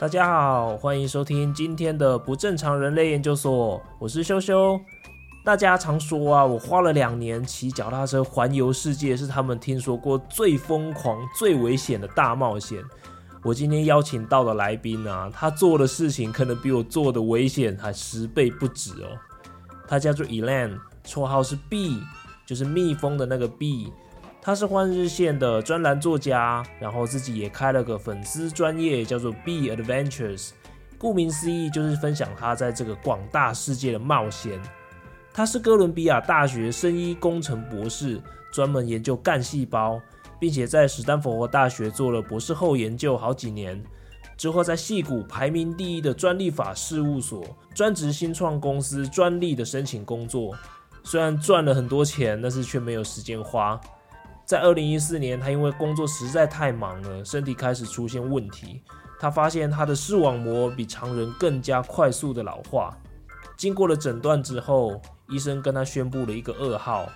大家好，歡迎收聽今天的不正常人類研究所，我是修修。大家常說啊，我花了兩年騎腳踏車環遊世界，是他們聽說過最瘋狂、最危險的大冒險。我今天邀請到的來賓啊，他做的事情可能比我做的危險還十倍不止哦。他叫做 Elaine，綽號是 Bee，就是蜜蜂的那個 Bee。他是《換日線》的專欄作家，然後自己也開了個粉絲專頁，叫做 Bee Adventures。顧名思義，就是分享他在這個廣大世界的冒險。他是哥倫比亞大學生醫工程博士，專門研究幹細胞，並且在史丹佛大學做了博士後研究好幾年。之後在矽谷排名第一的專利法事務所專職新創公司專利的申請工作，雖然賺了很多錢，但是卻沒有時間花。在二零一四年，他因為工作實在太忙了，身體開始出現問題。他發現他的視網膜比常人更加快速的老化。經過了診斷之後，醫生跟他宣佈了一個噩耗：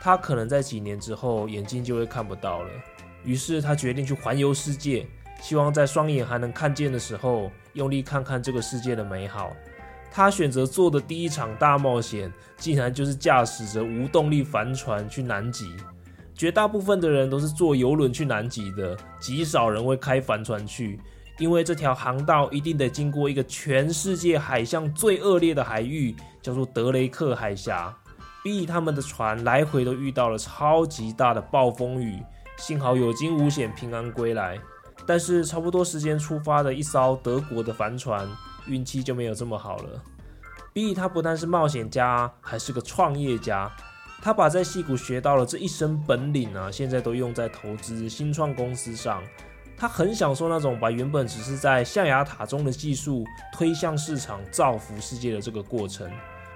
他可能在幾年之後眼睛就會看不到了。於是他決定去環遊世界，希望在雙眼還能看見的時候，用力看看這個世界的美好。他選擇做的第一場大冒險，竟然就是駕駛着無動力帆船去南極。絕大部分的人都是坐郵輪去南極的，極少人會開帆船去，因為這條航道一定得經過一個全世界海象最惡劣的海域，叫做德雷克海峽。Bee 她們的船來回都遇到了超級大的暴風雨，幸好有驚無險平安歸來。但是差不多時間出發的一艘德國的帆船，運氣就沒有這麼好了。Bee 她不但是冒險家，還是個創業家。他把在矽谷學到的這一身本領啊，現在都用在投資新創公司上。他很享受那種把原本只是在象牙塔中的技術推向市場、造福世界的這個過程。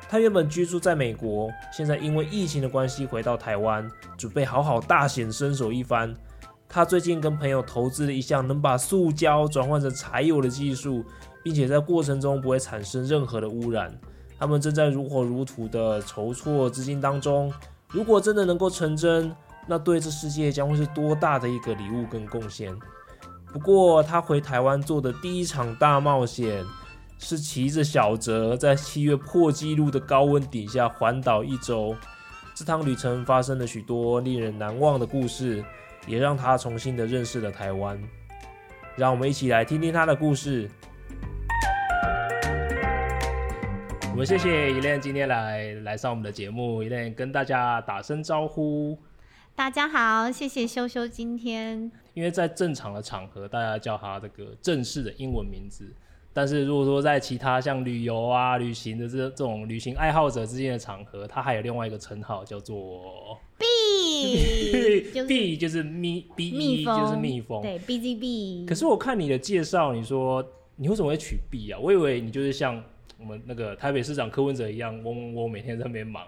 他原本居住在美國，現在因為疫情的關係回到台灣，準備好好大顯身手一番。他最近跟朋友投資了一項能把塑膠轉換成柴油的技術，並且在過程中不會產生任何的污染。他們正在如火如荼的籌措資金當中。如果真的能夠成真，那對這世界將會是多大的一個禮物跟貢獻！不過，他回台灣做的第一場大冒險，是騎着小折在七月破紀錄的高溫底下環島一周。這趟旅程發生了許多令人難忘的故事，也讓他重新的認識了台灣。讓我們一起來聽聽他的故事。我們謝謝 Elaine 今天來、uh, 來上我們的節目，Elaine 跟大家打聲招呼。大家好，謝謝羞羞今天。因為在正常的場合，大家叫他這個正式的英文名字，但是如果說在其他像旅遊啊、旅行的這這種旅行愛好者之間的場合，他還有另外一個稱號叫做 B，B Be, 就是蜜，B 蜜蜂就是蜜蜂，對 BGB。B B 可是我看你的介紹，你說你為什麼會取 B 啊？我以為你就是像。我們那個台北市長柯文哲一樣，嗡嗡嗡每天在那邊忙，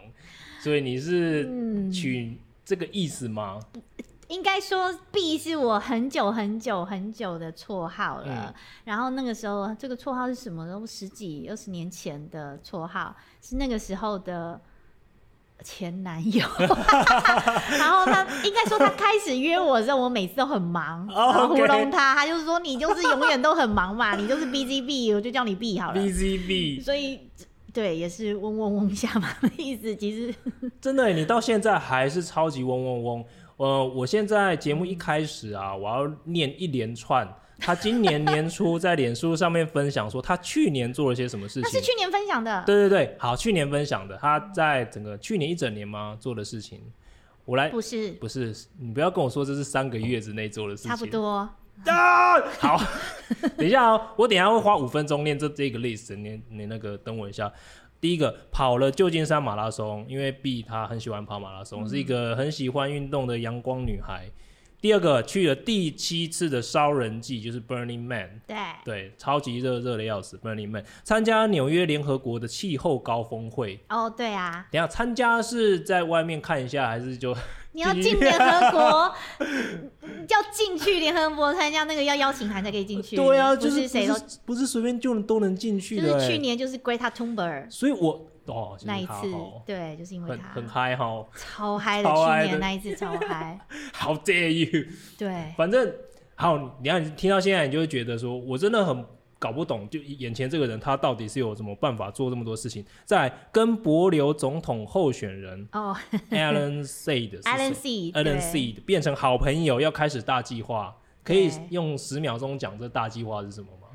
所以你是取這個意思嗎？嗯、應該說 B 是我很久很久很久的綽號了，嗯、然後那個時候這個綽號是什麼？都十幾二十年前的綽號，是那個時候的前男友， 然後他應該說他開始約我的時候，我每次都很忙，糊弄他。他就是說你就是永遠都很忙嘛，你就是 busy bee，我就叫你 B 好了。busy bee，所以對，也是嗡嗡嗡下嘛的意思。其實 真的，你到現在還是超級嗡嗡嗡。呃，我現在節目一開始啊，我要念一連串。 他今年年初在臉書上面分享說，他去年做了些什麼事情？他是去年分享的。對對對，好，去年分享的，他在整個去年一整年嗎？做的事情？我來不是不是，你不要跟我說這是三個月之內做的事情。差不多。好，等一下哦，我等一下會花五分鐘念這這個 list，你，你那個等我一下。第一個，跑了舊金山馬拉松，因為 B 他很喜歡跑馬拉松，是一個很喜歡運動的陽光女孩。第二個去了第七次的燒人祭，就是 Burning Man 對。對對，超級熱，熱的要死。Burning Man 參加紐約聯合國的氣候高峰會。哦，對啊。等下，參加是在外面看一下，還是就你要進聯合國？ 要進去聯合國參加那個，要邀請函才可以進去。對啊，就是誰不是隨便就能都能進去、欸。就是去年就是 Greta Thunberg，所以我。哦，那一次，對，就是因為他很很嗨哈，超嗨的，的去年那一次超嗨 ，How dare you？對，反正好。你看聽到現在，你就會覺得說，我真的很搞不懂，就眼前這個人他到底是有什麼辦法做這麼多事情，在跟帛琉總統候選人哦，Allen Seed，Allen Seed，Allen Seed 變成好朋友，要開始大計劃，可以用十秒鐘講這大計劃是什麼嗎？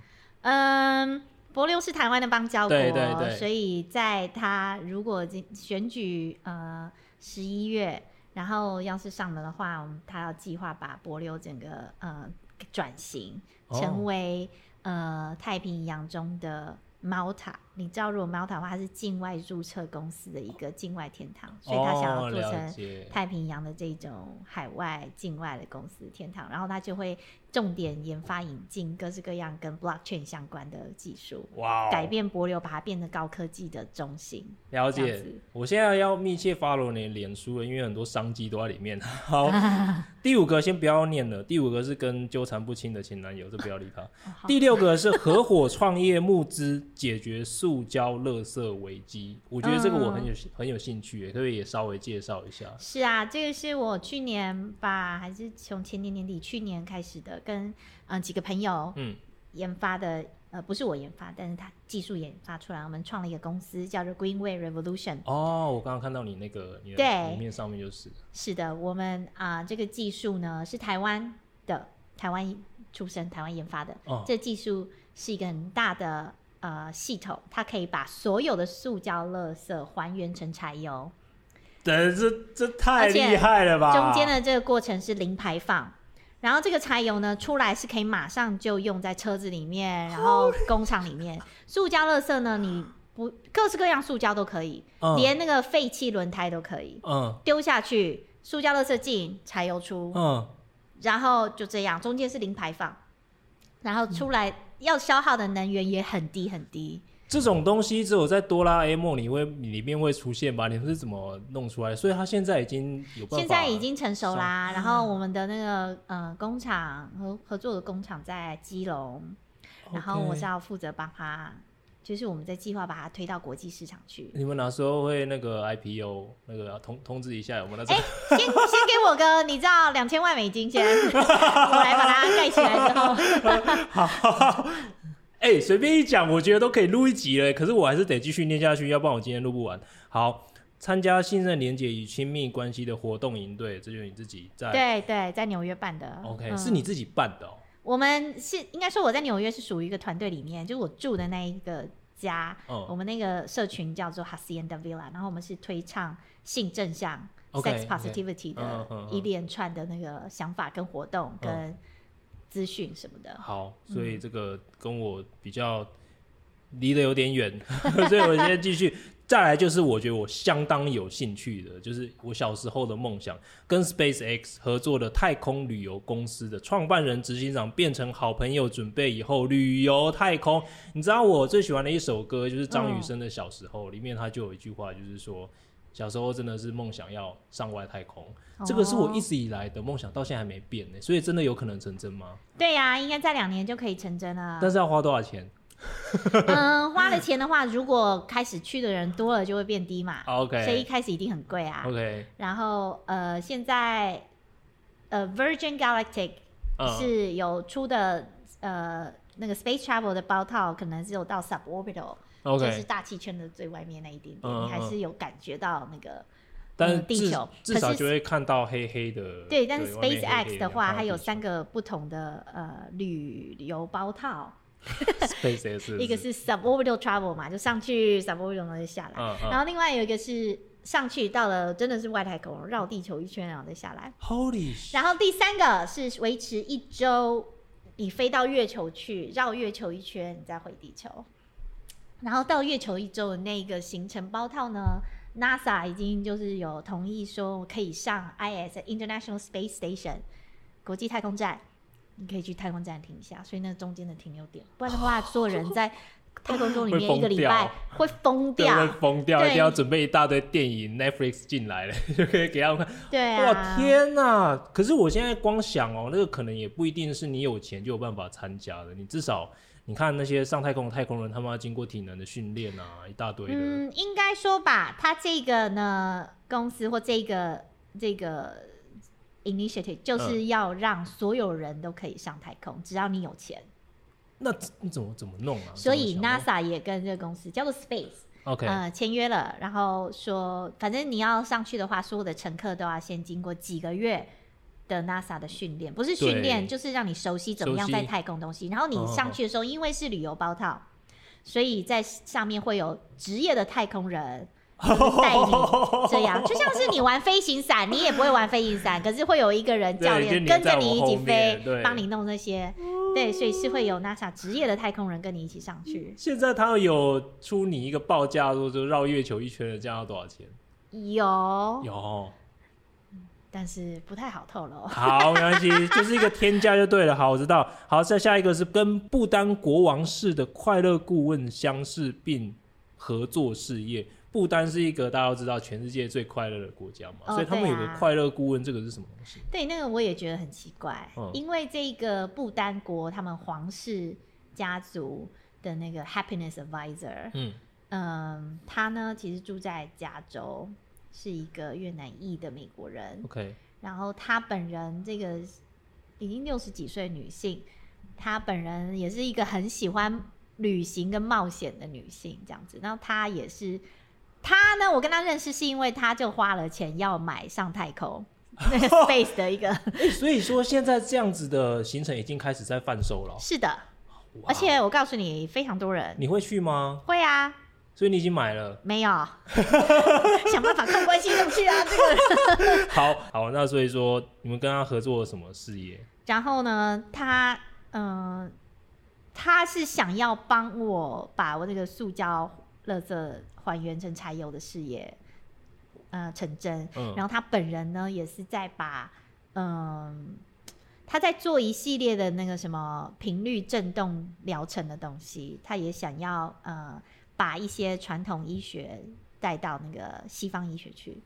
嗯。帛琉是台灣的邦交國，對對對，所以在他如果選舉呃十一月，然後要是上了的話，他要計劃把帛琉整個呃轉型，成為、哦、呃太平洋中的 Malta。你知道，如果 Malta 的話，它是境外註冊公司的一個境外天堂，所以他想要做成太平洋的這種海外境外的公司的天堂，然後他就會，重點研發引進各式各樣跟 blockchain 相關的技術，哇 Wow！改變帛琉，把它變成高科技的中心。了解。我現在要密切 follow 你臉書了，因為很多商機都在裡面。好， 第五個先不要念了。第五個是跟糾纏不清的前男友，就不要理他。 哦、第六個是合夥創業募資， 解決塑膠垃圾危機。我覺得這個我很有、嗯、很有興趣，可以不可以也稍微介紹一下？是啊，這個是我去年吧，還是從前年年底去年開始的。跟嗯、呃、幾個朋友嗯研發的、嗯、呃不是我研發，但是他技術研發出來，我們創了一個公司叫做 Greenway Revolution。哦，我剛剛看到你那個你裡面對上面就是。是的，我們啊、呃、這個技術呢是台灣的，台灣出生，台灣研發的。哦、這技術是一個很大的呃系統，它可以把所有的塑膠垃圾還原成柴油。對，這這太厲害了吧！中間的這個過程是零排放。然後這個柴油呢，出來是可以馬上就用在車子裡面，然後工廠裡面。 塑膠垃圾呢，你不各式各樣塑膠都可以，uh. 連那個廢棄輪胎都可以，uh. 丟下去，塑膠垃圾進，柴油出，嗯，uh. 然後就這樣，中間是零排放，然後出來要消耗的能源也很低很低。這種東西只有在哆啦 A 夢裡會裡面會出現吧？你是怎麼弄出來？所以它現在已經有辦法，現在已經成熟啦。嗯、然後我們的那個呃工廠和合作的工廠在基隆，Okay. 然後我是要負責幫他，就是我們在計劃把它推到國際市場去。你們哪時候會那個 IPO？那個、啊、通通知一下我們、這個。哎、欸，先先給我個 你知道兩千萬美金先， 我來把它蓋起來之後。好。哎，隨、欸、便一講，我覺得都可以錄一集了。可是我還是得繼續念下去，要不然我今天錄不完。好，參加信任連結與親密關係的活動營隊，這就是你自己在對對，在紐約辦的。OK，、嗯、是你自己辦的、哦。我們是應該說我在紐約是屬於一個團隊裡面，就是我住的那一個家。嗯、我們那個社群叫做 Hacienda Villa，然後我們是推倡性正向 okay, （sex positivity） 的一連串的那個想法跟活動、嗯、跟。資訊什麼的，好，所以這個跟我比較離得有點遠，嗯、 所以我先繼續 再來。就是我覺得我相當有興趣的，就是我小時候的夢想，跟 SpaceX 合作的太空旅遊公司的創辦人、執行長變成好朋友，準備以後旅遊太空。你知道我最喜歡的一首歌就是張雨生的《小時候》，嗯，裡面他就有一句話，就是說。小時候真的是夢想要上外太空，哦、這個是我一直以來的夢想，到現在還沒變呢、欸。所以真的有可能成真嗎？對呀、啊，應該在兩年就可以成真了。但是要花多少錢？嗯，花了錢的話， 如果開始去的人多了，就會變低嘛。OK。所以一開始一定很貴啊。OK。然後呃，現在呃，Virgin Galactic、嗯、是有出的呃那個 space travel 的包套，可能只有到 suborbital。就是大氣圈的最外面那一點點，你還是有感覺到那個，但是地球至少就會看到黑黑的。對，但是 SpaceX 的話，它有三個不同的呃旅遊包套。SpaceX 一個是 suborbital travel 嘛，就上去 suborbital 就下來，然後另外有一個是上去到了真的是外太空繞地球一圈，然後再下來。Holy！然後第三個是維持一周，你飛到月球去繞月球一圈，你再回地球。然後到月球一周的那個行程包套呢，NASA 已經就是有同意說可以上 IS International Space Station 國際太空站，你可以去太空站停一下，所以那中間的停留點，不然的話，做、哦、人在太空中裡面一個禮拜會瘋掉，會瘋掉，一定要準備一大堆電影 Netflix 進來了，對 就可以給他們看。對、啊，哇天哪！可是我現在光想哦，那個可能也不一定是你有錢就有辦法參加的，你至少。你看那些上太空的太空人，他們要經過體能的訓練啊，一大堆的。嗯，應該說吧，他這個呢，公司或這個這個 initiative 就是要讓所有人都可以上太空，嗯、只要你有錢。那你怎麼怎麼弄啊？所以 NASA 也跟這個公司叫做 Space OK，呃，簽約了，然後說，反正你要上去的話，所有的乘客都要先經過幾個月，的 NASA 的訓練不是訓練，對就是讓你熟悉怎麼樣在太空東西。悉然後你上去的時候，因為是旅遊包套，哦、所以在上面會有職業的太空人帶你這樣， 就像是你玩飛行傘，你也不會玩飛行傘， 可是會有一個人教練跟着你一起飛，幫你，你弄這些。對，對，所以是會有 NASA 職業的太空人跟你一起上去。嗯、現在他有出你一個報價，說就繞月球一圈的價要多少錢？有有。有但是不太好透露。好，沒關係， 就是一個天價就對了。好，我知道。好，再下一個是跟不丹國王室的快樂顧問相識並合作事業。不丹是一個大家都知道全世界最快樂的國家嘛，哦、所以他們有個快樂顧問，啊、這個是什麼東西？對，那個我也覺得很奇怪，嗯、因為這個不丹國他們皇室家族的那個 Happiness Advisor，嗯嗯，他呢其實住在加州。是一個越南裔的美國人，OK。然後她本人這個已經六十幾歲女性，她本人也是一個很喜歡旅行跟冒險的女性，這樣子。那她也是，她呢，我跟她認識是因為她就花了錢要買上太空，space 的一個。 所以說，現在這樣子的行程已經開始在販售了哦？是的，Wow 而且我告訴你，非常多人。你會去嗎？會啊。所以你已經買了？沒有， 想辦法靠關係弄去啊！這個 好好，那所以說你們跟他合作了什麼事業？然後呢，他嗯、呃，他是想要幫我把我這個塑膠垃圾還原成柴油的事業、呃，成真。嗯、然後他本人呢，也是在把嗯、呃，他在做一系列的那個什麼頻率震動療程的東西，他也想要呃。把一些傳統醫學帶到那個西方醫學去，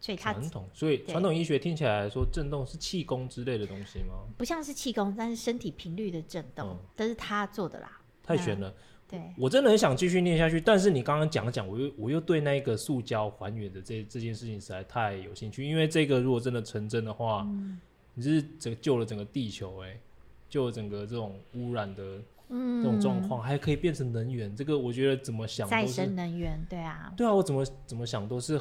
所以傳統，所以傳統醫學聽起來,來說震動是氣功之類的東西嗎？不像是氣功，但是身體頻率的震動都、嗯、是他做的啦。太玄了、嗯，對，我真的很想繼續念下去。但是你剛剛講了講，我又我又對那個塑膠還原的這這件事情實在太有興趣，因為這個如果真的成真的話，嗯、你就是拯救了整個地球哎、欸，救了整個這種污染的。嗯，這種狀況還可以變成能源，嗯、這個我覺得怎麼想再生能源，對啊，對啊，我怎麼怎麼想都是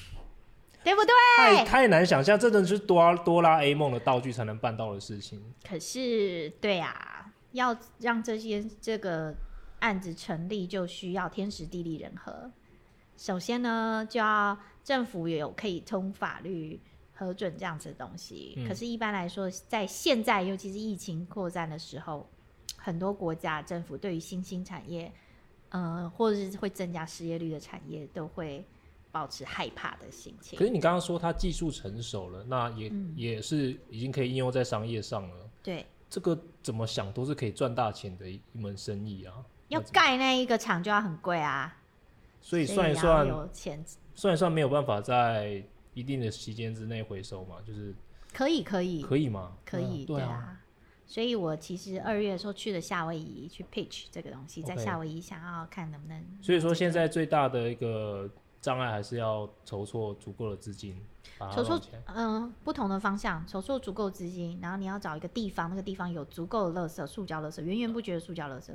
對不對？太太難想象，這真是哆哆啦 A 夢的道具才能辦到的事情。可是，對呀、啊，要讓這些這個案子成立，就需要天時地利人和。首先呢，就要政府有可以通法律核准這樣子的東西。嗯、可是，一般來說，在現在，尤其是疫情擴散的時候。很多國家政府對於新興產業，嗯、呃，或者是會增加失業率的產業，都會保持害怕的心情。可是你剛剛說它技術成熟了，那也、嗯、也是已經可以應用在商業上了。對，這個怎麼想都是可以賺大錢的一門生意啊！要蓋那一個廠就要很貴啊，所以算一算錢，算一算沒有辦法在一定的時間之內回收嘛，就是可以可以可以嗎？可以、嗯、對啊。對啊所以，我其實二月的時候去了夏威夷去 pitch 這個東西，在 Okay. 夏威夷想要看能不能拿這個。所以說，現在最大的一個障礙還是要籌措足夠的資金。籌措嗯，不同的方向籌措足夠資金，然後你要找一個地方，那個地方有足夠的垃圾、塑膠垃圾，源源不絕的塑膠垃圾，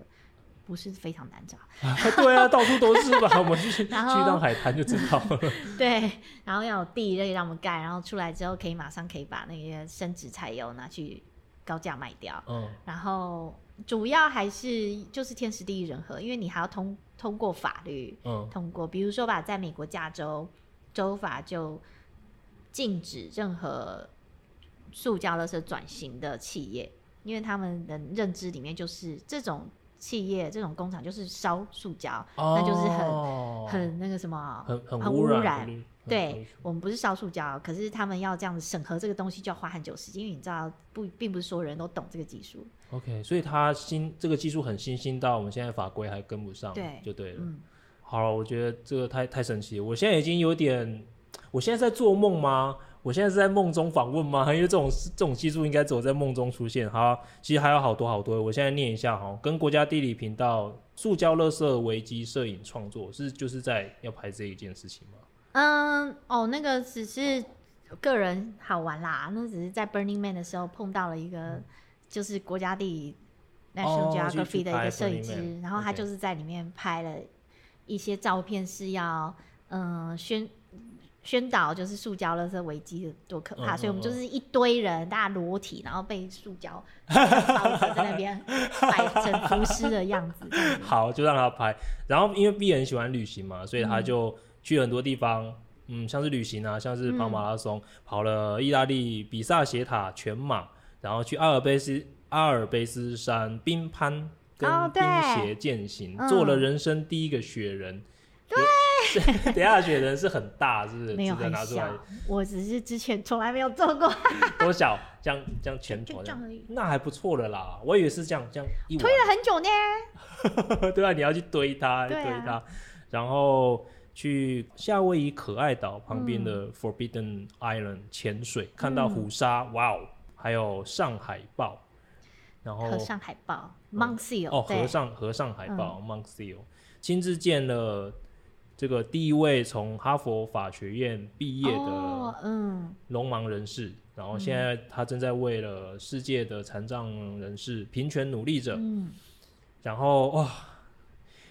不是非常難找。啊對啊， 到處都是吧？我們去 然後去一趟海灘就知道了。 對，然後要有地可讓我們蓋，然後出來之後可以馬上可以把那些生質柴油拿去。高價賣掉，嗯、然後主要還是就是天時地利人和，因為你還要通通過法律，嗯、通過，比如說吧，在美國加州州法就禁止任何塑膠的是轉型的企業，因為他們的認知裡面就是這種企業、這種工廠就是燒塑膠，哦、那就是很很那個什麼，很很污染。對、嗯、我們不是燒塑膠，嗯、可是他們要這樣子審核這個東西就要花很久時間，因為你知道不，並不是所有人都懂這個技術。OK，所以他新這個技術很新，新到我們現在法規還跟不上，對，就對了。嗯、好了，我覺得這個太太神奇了，我現在已經有點，我現在在做夢嗎？我現在是在夢中訪問嗎？因為這種這種技術應該只有在夢中出現。哈，其實還有好多好多，我現在念一下哈，跟國家地理頻道塑膠垃圾危機攝影創作是就是在要拍這一件事情嗎？嗯，哦，那個只是個人好玩啦，那只是在 Burning Man 的時候碰到了一個，嗯、就是國家地理 National、哦、Geography 就的一個攝影師，Man, 然後他就是在裡面拍了一些照片，是要 Okay 嗯宣宣導就是塑膠垃圾危機多可怕，嗯嗯嗯所以我們就是一堆人，大家裸體，然後被塑膠包着在那邊 擺成廚師的樣子。 對好，就讓他拍，然後因為 Bee 很喜歡旅行嘛，所以他就、嗯。去很多地方，嗯，像是旅行啊，像是跑馬拉松，嗯、跑了意大利比薩斜塔全馬，然後去阿爾卑斯阿爾卑斯山冰攀跟冰鞋健行，哦嗯、做了人生第一個雪人。嗯、有對， 等下雪人是很大，是不是？沒有很小，我只是之前從來沒有做過。 多小？這樣這樣前腿那還不錯的啦，我以為是這樣這樣。這樣這樣推了很久呢。 對啊，你要去堆它，對啊、堆它，然後。去夏威夷可愛島旁邊的 Forbidden Island 潛水，嗯、看到虎鯊，哇哦！還有上海豹，嗯、然後和尚海豹，Monk Seal、嗯、哦，和尚和尚海豹，嗯、，Monk Seal 親自見了這個第一位從哈佛法學院畢業的嗯聾盲人士，哦嗯、然後現在他正在為了世界的殘障人士平權努力着，嗯、然後哇。哦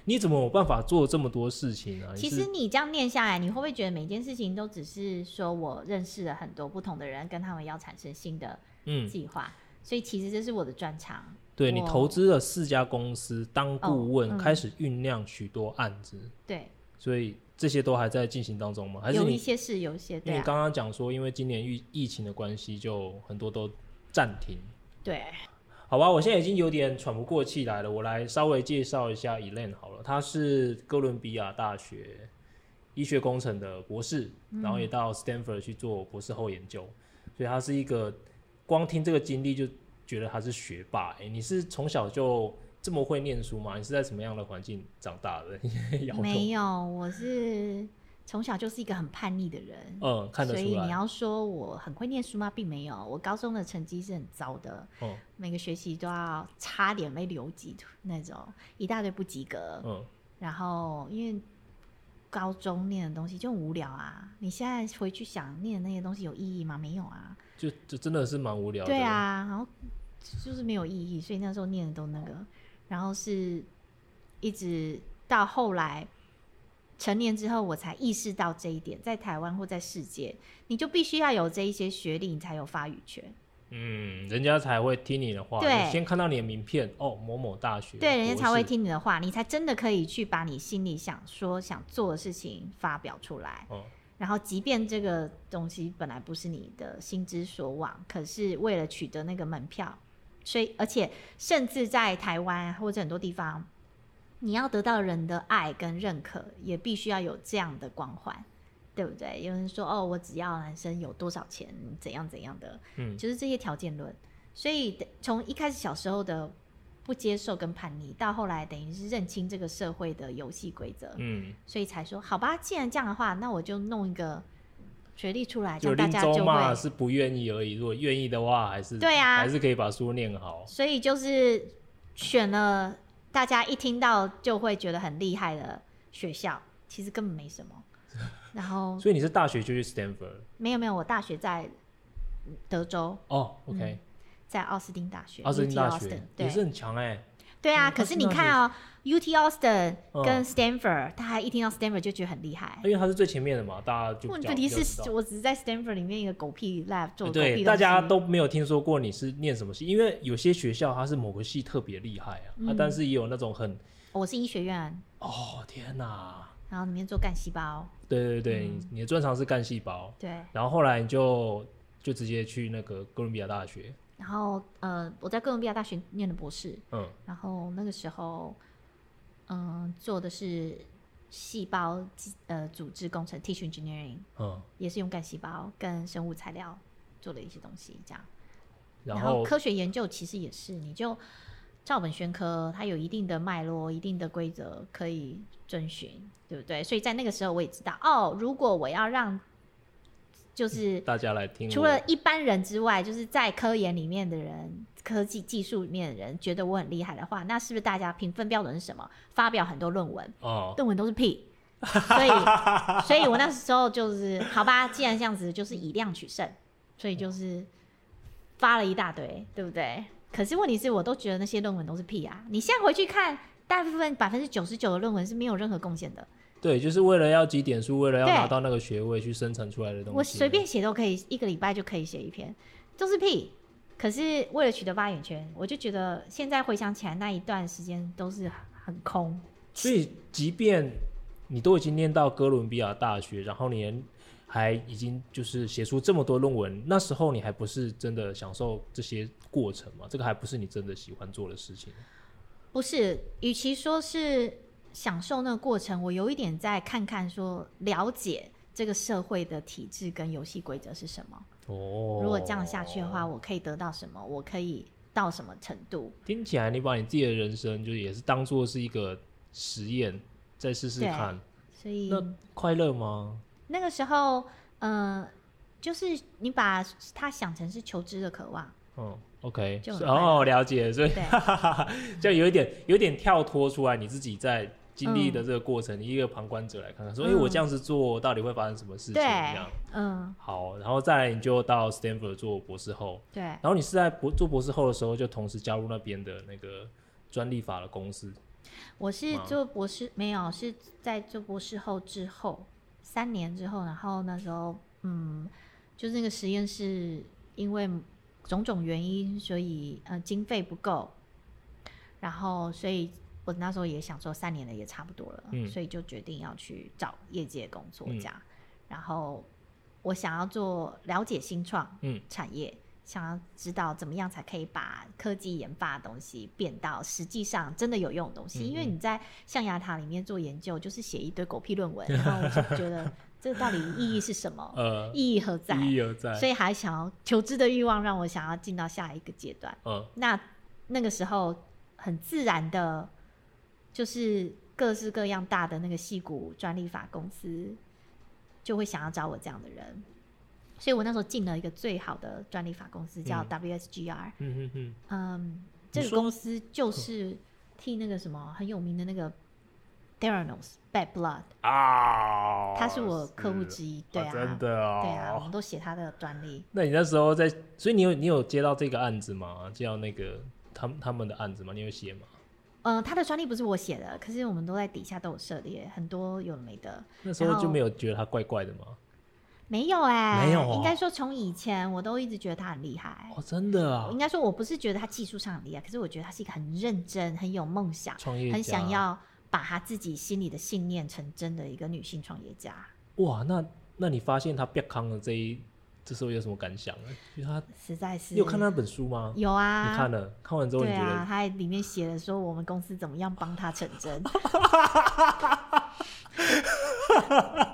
你怎麼有辦法做這麼多事情呢、啊？其實你這樣念下來，你會不會覺得每件事情都只是說我認識了很多不同的人，跟他們要產生新的計劃？嗯、所以其實這是我的專長。對我你投資了四家公司，當顧問，哦嗯、開始醞釀許多案子。對，所以這些都還在進行當中嗎？還是有一些事，有一些？你、啊、剛剛講說，因為今年疫疫情的關係，就很多都暫停。對。好吧，我現在已經有點喘不過氣來了。我來稍微介紹一下 Elaine 好了，他是哥倫比亞大學醫學工程的博士，嗯、然後也到 Stanford 去做博士後研究，所以他是一個光聽這個經歷就覺得他是學霸。哎，你是從小就這麼會念書嗎？你是在什麼樣的環境長大的？沒有，我是。從小就是一個很叛逆的人，嗯，看得出來。所以你要說我很會念書嗎？並沒有，我高中的成績是很糟的，哦，每個學期都要差點被留級那種，一大堆不及格。嗯，然後因為高中念的東西就很無聊啊，你現在回去想念的那些東西有意義嗎？沒有啊，就就真的是蠻無聊的。對啊，然後就是沒有意義，所以那時候念的都那個，然後是一直到後來。成年之後，我才意識到這一點，在台灣或在世界，你就必須要有這一些學歷，你才有發言權。嗯，人家才會聽你的話。對，先看到你的名片，哦，某某大學。對，是人家才會聽你的話，你才真的可以去把你心裡想說、想做的事情發表出來。哦。然後，即便這個東西本來不是你的心之所往，可是為了取得那個門票，所以，而且，甚至在台灣或者很多地方。你要得到人的愛跟認可，也必須要有這樣的光環，對不對？有人說：“哦，我只要男生有多少錢，怎樣怎樣的。”嗯，就是這些條件論。所以從一開始小時候的不接受跟叛逆，到後來等於是認清這個社會的遊戲規則，嗯，所以才說：“好吧，既然這樣的話，那我就弄一個學歷出來。”就大家就是不願意而已。如果願意的話，還是對啊，還是可以把書念好。所以就是選了。大家一聽到就會覺得很厲害的學校，其實根本沒什麼。 然後，所以你是大學就去 Stanford？沒有沒有，我大學在德州哦，Oh, OK，嗯，在奧斯汀大學，奧斯汀大學，對，也是很強欸。對啊，可是你看哦，UT Austin 跟 Stanford，他還一聽到 Stanford 就覺得很厲害，因為他是最前面的嘛，大家就問題是我只是在 Stanford 裡面一個狗屁 lab 做狗屁東西。對，大家都沒有聽說過，你是念什麼系，因為有些學校它是某個系特別厲害啊，啊，但是也有那種很，我是醫學院。哦天哪！然後裡面做幹細胞。對對對，你的專長是幹細胞。對。然後後來你就就直接去那個哥倫比亞大學。然後，呃，我在哥倫比亞大學念的博士，嗯，然後那個時候，嗯、呃，做的是細胞呃組織工程 t e a c h e engineering），嗯，也是用幹細胞跟生物材料做了一些東西，這樣。然後，然後科學研究其實也是，你就照本宣科，它有一定的脈絡、一定的規則可以遵循，對不對？所以在那個時候我也知道，哦，如果我要讓。就是大家來聽，除了一般人之外，就是在科研裡面的人、科技技術裡面的人，覺得我很厲害的話，那是不是大家評分標準是什麼？發表很多論文，哦，論文都是屁，所以， 所以我那時候就是，好吧，既然這樣子，就是以量取勝，所以就是發了一大堆，嗯、對不對？可是問題是我都覺得那些論文都是屁啊！你現在回去看，大部分百分之九十九的論文是沒有任何貢獻的。對，就是為了要積點數，為了要拿到那個學位去生成出來的東西。我隨便寫都可以，一個禮拜就可以寫一篇，都是屁。可是為了取得發言權，我就覺得現在回想起來那一段時間都是很空。所以，即便你都已經念到哥倫比亞大學，然後你還已經就是寫出這麼多論文，那時候你還不是真的享受這些過程嗎？這個還不是你真的喜歡做的事情？不是，與其說是。享受那個過程，我有一點在看看說，了解這個社會的體制跟遊戲規則是什麼。哦，如果這樣下去的話，我可以得到什麼？我可以到什麼程度？聽起來你把你自己的人生就是也是當做是一個實驗，再試試看。所以，那快樂嗎？那個時候，嗯、呃，就是你把它想成是求知的渴望。嗯，OK，就哦，了解，所以對哈哈哈哈就有一點，有一點跳脫出來，你自己在。經歷的這個過程，嗯、一個旁觀者來看看，說：“哎，嗯、我這樣子做到底會發生什麼事情？”對這樣，嗯，好，然後再來你就到 Stanford 做博士後，對。然後你是在博做博士後的時候，就同時加入那邊的那個專利法的公司。我是做博士嗎沒有，是在做博士後之後三年之後，然後那時候，嗯，就那個實驗室因為種種原因，所以呃經費不夠，然後所以。我那時候也想說，三年了也差不多了，嗯、所以就決定要去找業界工作家。嗯、然後我想要做了解新創產業，嗯、想要知道怎麼樣才可以把科技研發的東西變到實際上真的有用的東西。嗯、因為你在象牙塔裡面做研究，就是寫一堆狗屁論文，嗯、然後我就覺得這到底意義是什麼？ 呃，意義何在？意義何在？所以還想要求知的欲望讓我想要進到下一個階段。呃、那那個時候很自然的。就是各式各樣大的那個矽谷專利法公司，就會想要找我這樣的人，所以我那時候進了一個最好的專利法公司，叫 WSGR。嗯嗯，這個公司就是替那個什麼呵很有名的那個 Theranos Bad Blood 啊，他是我客戶之一。是對啊，啊，真的哦，對啊，我們都寫他的專利。那你那時候在，所以你有你有接到這個案子嗎？接到那個他們他們的案子嗎？你有寫嗎？嗯、呃，他的專利不是我寫的，可是我們都在底下都有涉獵，很多有的沒的。那時候就沒有覺得他怪怪的嗎？沒有哎，沒有、欸。沒有哦、應該說，從以前我都一直覺得他很厲害。哦，真的啊。應該說，我不是覺得他技術上很厲害，可是我覺得他是一個很認真、很有夢想、創業，很想要把他自己心裡的信念成真的一個女性創業家。哇，那那你發現他變康了這一？這時候有什麼感想？其實他實在是，你有看他那本書嗎？有啊，你看了？看完之後你覺得？對啊，他裡面寫了說我們公司怎麼樣幫他成真。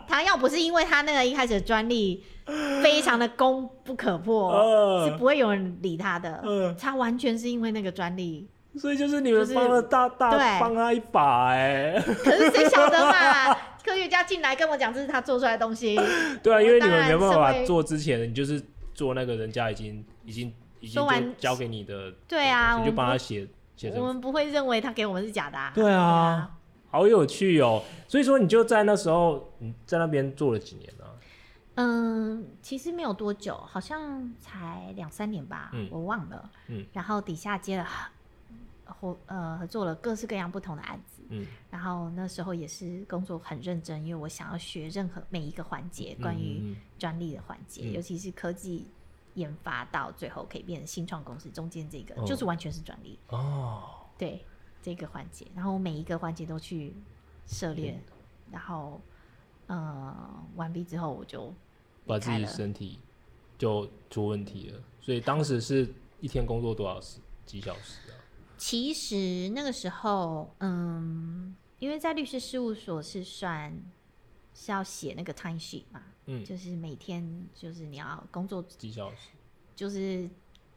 他要不是因為他那個一開始的專利非常的功不可破，呃、是不會有人理他的。嗯、呃，他完全是因為那個專利。所以就是你們幫了大大，就是、對，幫他一把哎、欸。可是誰曉得嘛、啊？ 科學家進來跟我講，這是他做出來的東西。 對啊，因為你們有沒辦法做之前， 你就是做那個人家已經已經做完 已經交給你的。對啊，你、嗯、就幫他寫寫我，著我們不會認為他給我們是假的、啊。對啊，對啊好有趣哦、喔！所以說你就在那時候你在那邊做了幾年呢、啊？嗯，其實沒有多久，好像才兩三年吧，嗯、我忘了。嗯，然後底下接了合呃，做了各式各樣不同的案子。嗯，然後那時候也是工作很認真，因為我想要學任何每一個環節關於專利的環節，嗯、尤其是科技研發到最後可以變成新創公司，中間這個、哦、就是完全是專利哦，對這個環節，然後我每一個環節都去涉獵，嗯、然後呃完畢之後我就把自己身體就出問題了，所以當時是一天工作多少時幾小時啊？其實那個時候，嗯，因為在律師事務所是算是要寫那個 time sheet 嘛，嗯，就是每天就是你要工作幾小時，就是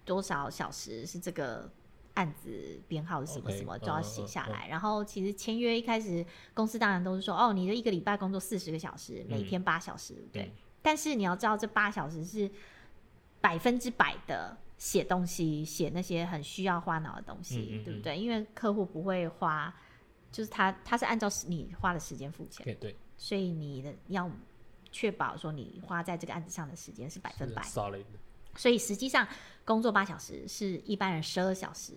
多少小時是這個案子編號是什麼什麼，就 Okay, 要寫下來。哦、然後其實簽約一開始，公司當然都是說，哦，哦，你的一個禮拜工作四十個小時，每天八小時，嗯、對。對但是你要知道，這八小時是百分之百的。寫東西，寫那些很需要花腦的東西，嗯嗯嗯，對不對？因為客戶不會花，就是他他是按照你花的時間付錢，對、okay, 對。所以你的要確保說你花在這個案子上的時間是百分百。所以實際上工作八小時是一般人十二小時，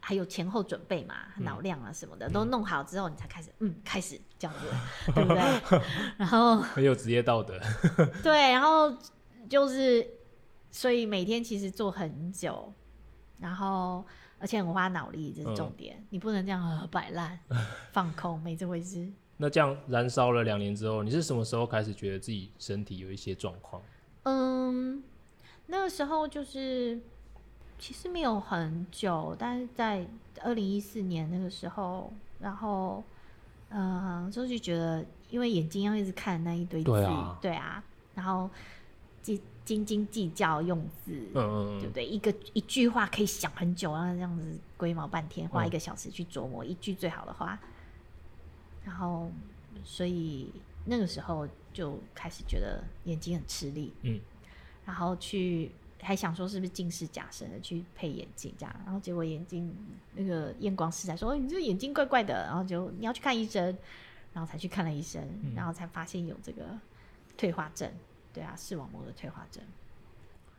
還有前後準備嘛，腦量啊什麼的、嗯、都弄好之後，你才開始嗯開始這樣子 對不對？ 然後很有職業道德， 對，然後就是。所以每天其實做很久，然後而且很花腦力，這是重點。嗯、你不能這樣擺爛 放空，每次回去。那這樣燃燒了兩年之後，你是什麼時候開始覺得自己身體有一些狀況？嗯，那個時候就是其實沒有很久，但是在二零一四年那個時候，然後嗯，就是覺得因為眼睛要一直看那一堆字，對啊，對啊，然後記。斤斤計較用字，嗯、對不對？一個一句話可以想很久，然後這樣子龜毛半天，花一個小時去琢磨，嗯、一句最好的話，然後所以那個時候就開始覺得眼睛很吃力，嗯，然後去還想說是不是近視加深的，去配眼鏡這樣，然後結果眼鏡那個驗光師才說，哦，你這眼睛怪怪的，然後就你要去看醫生，然後才去看了醫生，嗯、然後才發現有這個退化症。對啊，視網膜的退化症。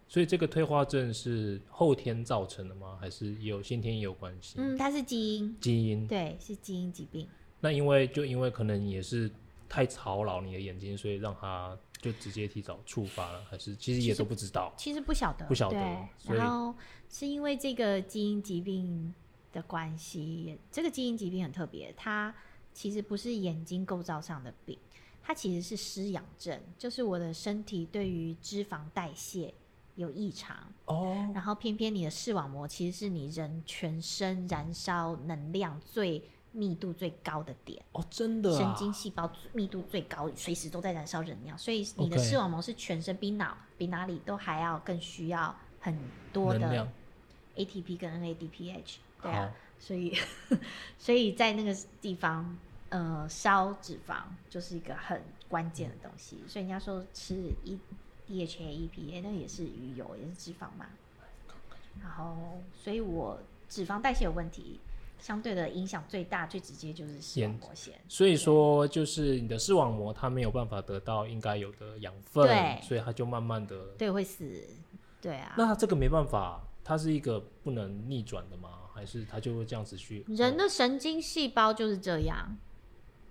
所以這個退化症是後天造成的嗎？還是有先天也有關係？嗯，它是基因，基因，對，是基因疾病。那因為就因為可能也是太操勞你的眼睛，所以讓它就直接提早觸發了？還是其實也都不知道？其實，其實不曉得，不曉得。對以然後是因為這個基因疾病的關係，這個基因疾病很特別，它其實不是眼睛構造上的病。它其實是失養症，就是我的身體對於脂肪代謝有異常哦，然後偏偏你的視網膜其實是你人全身燃燒能量最密度最高的點哦，真的啊、神經細胞密度最高，隨時都在燃燒能量，所以你的視網膜是全身比腦比哪裡都還要更需要很多的 ATP 跟 NADPH，量對啊，好所以 所以在那個地方。呃，燒脂肪就是一個很關鍵的東西，所以人家說吃一、e, DHA、EPA 那也是魚油，也是脂肪嘛。然後，所以我脂肪代謝有問題，相對的影響最大、最直接就是視網膜線。Yeah. 所以說，就是你的視網膜它沒有辦法得到應該有的養分，Yeah. 對所以它就慢慢的對會死。對啊，那它這個沒辦法，它是一個不能逆轉的嗎？還是它就會這樣子去？嗯、人的神經細胞就是這樣。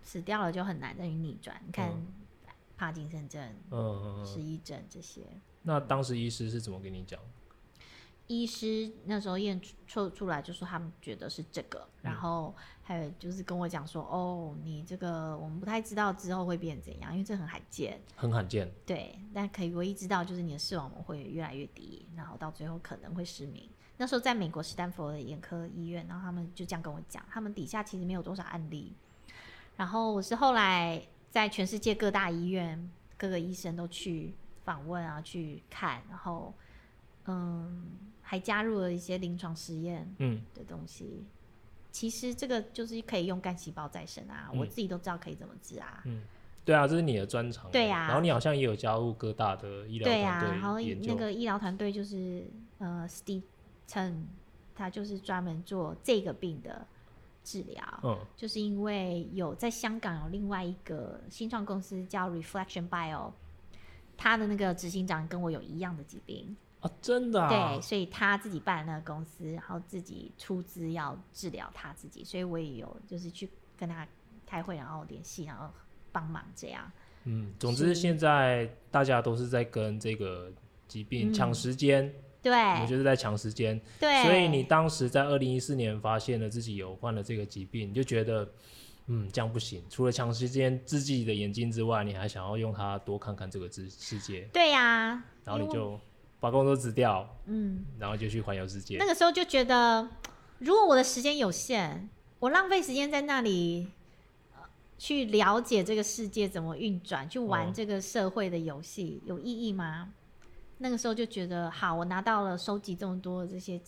死掉了就很難再去逆轉，嗯、看帕金森症、嗯嗯失憶症這些。那當時醫師是怎麼跟你講？醫師那時候驗出出來就說，他們覺得是這個，嗯、然後還有就是跟我講說，哦，你這個我們不太知道之後會變怎樣，因為這很罕見，很罕見。對，但可以唯一知道就是你的視網膜會越來越低，然後到最後可能會失明。那時候在美國史丹佛的眼科醫院，然後他們就這樣跟我講，他們底下其實沒有多少案例。然後我是後來在全世界各大醫院各個醫生都去訪問啊，去看，然後嗯，還加入了一些臨床實驗嗯的東西。嗯、其實這個就是可以用幹細胞再生啊，嗯、我自己都知道可以怎麼治啊。嗯，對啊，這是你的專長。對啊，然後你好像也有加入各大的醫療團隊。對啊，然後那個醫療團隊就是呃 Steve Chen，他就是專門做這個病的。治療，嗯，就是因為有在香港有另外一個新創公司叫 Reflection Bio，他的那個執行長跟我有一樣的疾病啊。真的啊？對，所以他自己辦的那個公司，然後自己出資要治療他自己，所以我也有就是去跟他開會，然後聯繫，然後幫忙這樣。嗯，總之現在大家都是在跟這個疾病搶時間，嗯。對，我就是在搶時間。對，所以你當時在二零一四年發現了自己有患了這個疾病，你就覺得，嗯，這樣不行。除了搶時間治自己的眼睛之外，你還想要用它多看看這個世世界。對呀。然後你就把工作辭掉，嗯，然後就去環遊世界、嗯。那個時候就覺得，如果我的時間有限，我浪費時間在那裡，去了解這個世界怎麼運轉，去玩這個社會的遊戲，哦、有意義嗎？那個時候就覺得，好，我拿到了收集這麼多這些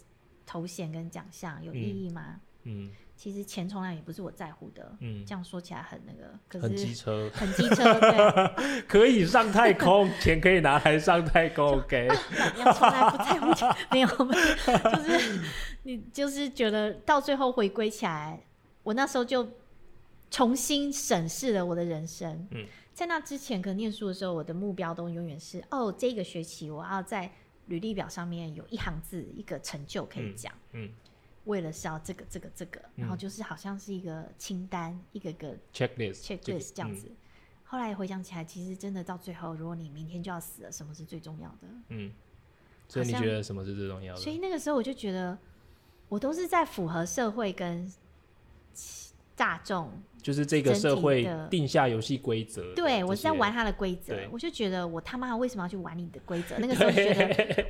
頭銜跟獎項，有意義嗎？嗯，其實錢從來也不是我在乎的。嗯，這樣說起來很那個，可是很機車，很機車，對，可以上太空，錢可以拿來上太空。OK，從來不在乎，沒有，就是你就是覺得到最後回歸起來，我那時候就重新審視了我的人生。嗯。在那之前，可能念書的時候，我的目標都永遠是哦，這個學期我要在履歷表上面有一行字，一個成就可以講。嗯。嗯，為了是要這個、這個、這個，嗯、然後就是好像是一個清單，一個一個 checklist checklist 這樣子。嗯、後來回想起來，其實真的到最後，如果你明天就要死了，什麼是最重要的？嗯，所以你覺得什麼是最重要的？所以那個時候我就覺得，我都是在符合社會跟大眾。就是這個社會定下遊戲規則，對我是在玩他的規則，對我就覺得我他媽為什麼要去玩你的規則？對那個時候覺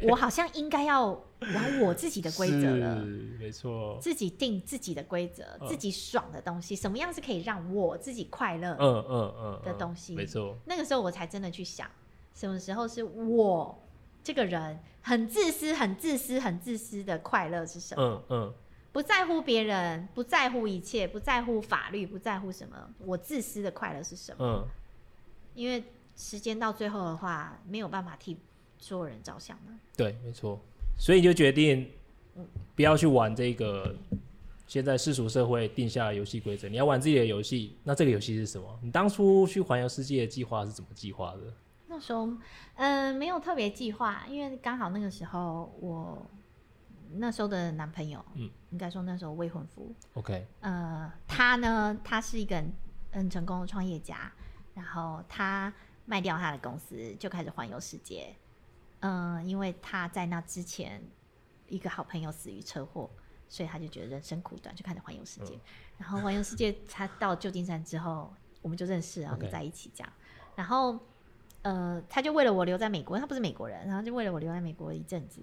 得我好像應該要玩我自己的規則了，沒錯，自己定自己的規則，嗯、自己爽的東西，什麼樣是可以讓我自己快樂？嗯嗯嗯的東西，嗯嗯嗯嗯、沒錯。那個時候我才真的去想，什麼時候是我這個人很自私、很自私、很自私的快樂是什麼？嗯嗯。嗯不在乎別人，不在乎一切，不在乎法律，不在乎什麼。我自私的快樂是什麼？嗯，因為時間到最後的話，沒有辦法替所有人着想的。對，沒錯。所以你就決定，嗯，不要去玩這個現在世俗社會定下的遊戲規則。你要玩自己的遊戲，那這個遊戲是什麼？你當初去環遊世界的計劃是怎麼計劃的？那時候，嗯，呃，沒有特別計劃，因為剛好那個時候我。那時候的男朋友，嗯，應該說那時候未婚夫，OK，呃，他呢，他是一個很，很成功的創業家，然後他賣掉他的公司，就開始環遊世界，嗯、呃，因為他在那之前一個好朋友死於車禍，所以他就覺得人生苦短，就開始環遊世界。嗯、然後環遊世界，他到舊金山之後， 我們就認識，然後就在一起這樣。Okay. 然後，呃，他就為了我留在美國，他不是美國人，然後就為了我留在美國一陣子。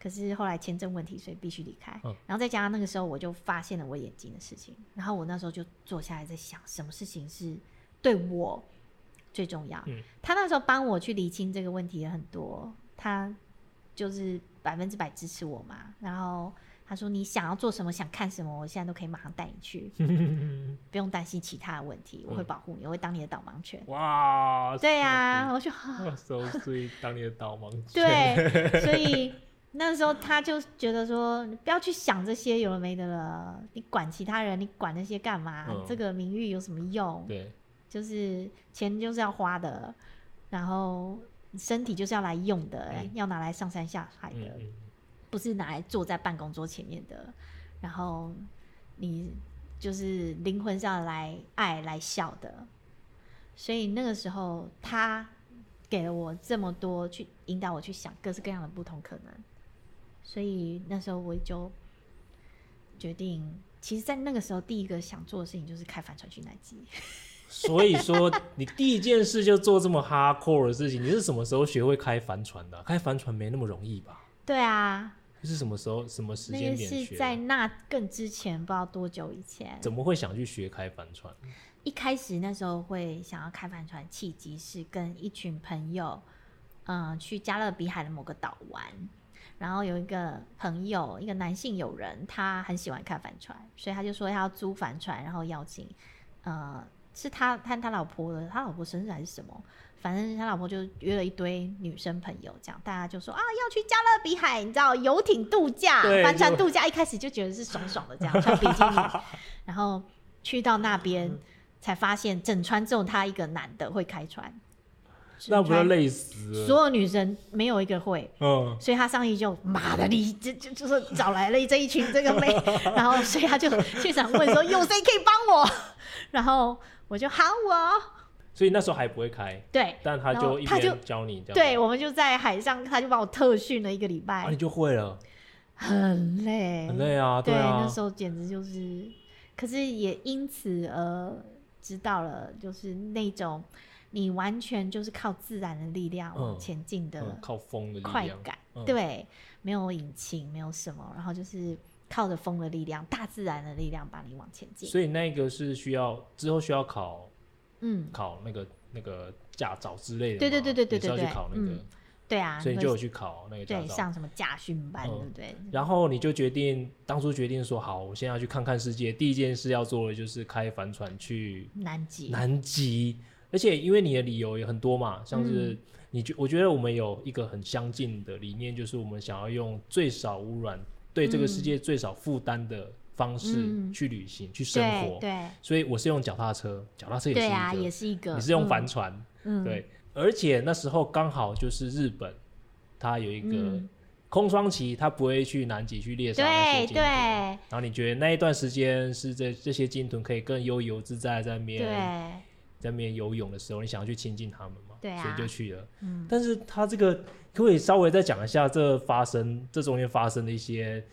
可是後來簽證問題，所以必須離開。哦、然後再加上那個時候，我就發現了我眼睛的事情。然後我那時候就坐下來在想，什麼事情是對我最重要？嗯、他那時候幫我去理清這個問題也很多，他就是百分之百支持我嘛。然後他說：“你想要做什麼，想看什麼，我現在都可以馬上帶你去， 不用擔心其他的問題，我會保護你，嗯、我會當你的導盲犬。”哇，對呀、啊，水我就很 so easy 當你的導盲犬。對，所以。 那時候他就覺得說，不要去想這些有了沒的了，你管其他人，你管那些幹嘛？嗯、這個名譽有什麼用？對，就是錢就是要花的，然後身體就是要來用的、欸，嗯、要拿來上山下海的，嗯嗯嗯、不是拿來坐在辦公桌前面的。然後你就是靈魂是要來愛來笑的，所以那個時候他給了我這麼多，去引導我去想各式各樣的不同可能。所以那時候我就決定，其實，在那個時候，第一個想做的事情就是開帆船去南極。 所以說，你第一件事就做這麼 hardcore 的事情，你是什麼時候學會開帆船的？開帆船沒那麼容易吧？對啊，是什麼時候、什麼時間點？是在那更之前，不知道多久以前。怎麼會想去學開帆船？一開始那時候會想要開帆船，契機是跟一群朋友，嗯，去加勒比海的某個島玩。然後有一個朋友，一個男性友人，他很喜歡看帆船，所以他就說他要租帆船，然後邀請，呃，是他和他老婆的，他老婆生日還是什麼，反正他老婆就約了一堆女生朋友，這樣大家就說啊要去加勒比海，你知道遊艇度假、對帆船度假，對一開始就覺得是爽爽的這樣，對穿比基尼， 然後去到那邊才發現，整船只有他一個男的會開船。那不要累死！所有女生沒有一個會，嗯，所以他上一就媽的你，你這就就是找來了這一群這個妹， 然後所以他就現場問說有誰可以幫我，然後我就喊我。所以那時候還不會開，對，但他就一教教他就教你這樣。對，我們就在海上，他就幫我特訓了一個禮拜，啊、你就會了。很累，很累啊！對，對啊、那時候簡直就是，可是也因此而知道了，就是那種。你完全就是靠自然的力量往前進的，嗯嗯，靠風的力量，快、嗯、感，對，沒有引擎，沒有什麼，嗯、然後就是靠着風的力量，大自然的力量把你往前進。所以那個是需要之後需要考，嗯，考那個那個駕照之類的，對，對對對對對對，考那個，嗯、對啊，所以就有去考那個，對，上什麼駕訓班，嗯、對不對？然後你就決定當初決定說，好，我現在要去看看世界，第一件事要做的就是開帆船去南極，南極。而且因為你的理由有很多嘛，像是你覺我覺得我們有一個很相近的理念，就是我們想要用最少污染對這個世界最少負擔的方式去旅行、去生活。對，所以我是用腳踏車，腳踏車也是一個。對啊，也是一個。你是用帆船，對。而且那時候剛好就是日本，它有一個空窗期，它不會去南極去獵殺那些鯨豚。對對。然後你覺得那一段時間是這這些鯨豚可以更悠遊自在在面對？在那邊游泳的時候，你想要去親近他們嘛？對啊，所以就去了。嗯，但是他這個可不可以稍微再講一下這發生這中間發生的一些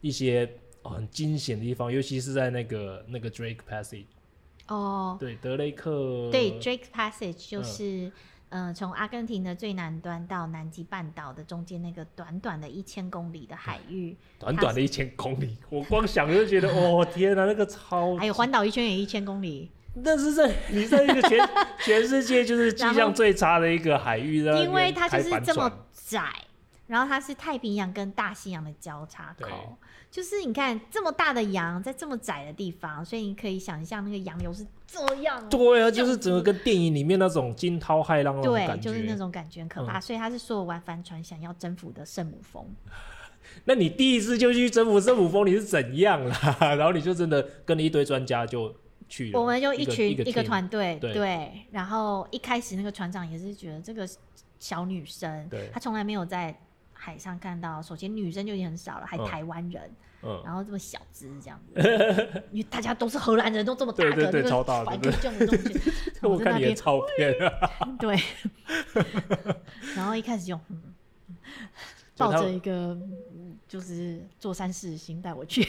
一些、哦、很驚險的地方，尤其是在那個那個 Drake Passage。哦，oh, 對，德雷克。對 Drake Passage 就是嗯，從、呃、阿根廷的最南端到南極半島的中間那個短短的一千公里的海域。嗯、是短短的一千公里，我光想就覺得， 哦天哪，那個超……還有環島一圈也一千公里。但是在你在一個全 全世界，就是氣象最差的一個海域了， 後因為它就是這麼窄，然後它是太平洋跟大西洋的交叉口，對就是你看這麼大的洋在這麼窄的地方，所以你可以想象那個洋流是這樣。對啊，就是整個跟電影裡面那種驚濤駭浪那對，就是那種感覺可怕。嗯、所以他是說我玩帆船想要征服的聖母峰。那你第一次就去征服聖母峰，你是怎樣啦 然後你就真的跟了一堆專家就。我們就一群一個團隊，對，然後一開始那個船長也是覺得這個小女生，她從來沒有在海上看到，首先女生就已經很少了，還台灣人，然後這麼小只這樣子，因為大家都是荷蘭人都這麼大個，對，超大的，超大的，我在那邊，對，然後一開始就抱着一個，就是做善事的心帶我去。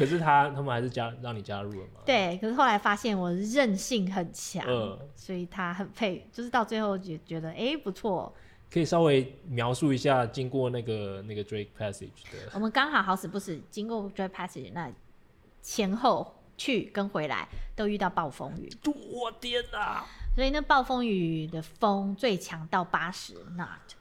可是他他們還是加讓你加入了嘛？對，可是後來發現我韌性很強，呃、所以他很配，就是到最後也覺得哎、欸、不錯。可以稍微描述一下經過那個那個 Drake Passage 的。對，我們剛好好死不死經過 Drake Passage，那前後去跟回來都遇到暴風雨，我天啊！所以那暴風雨的風最強到八十 knot。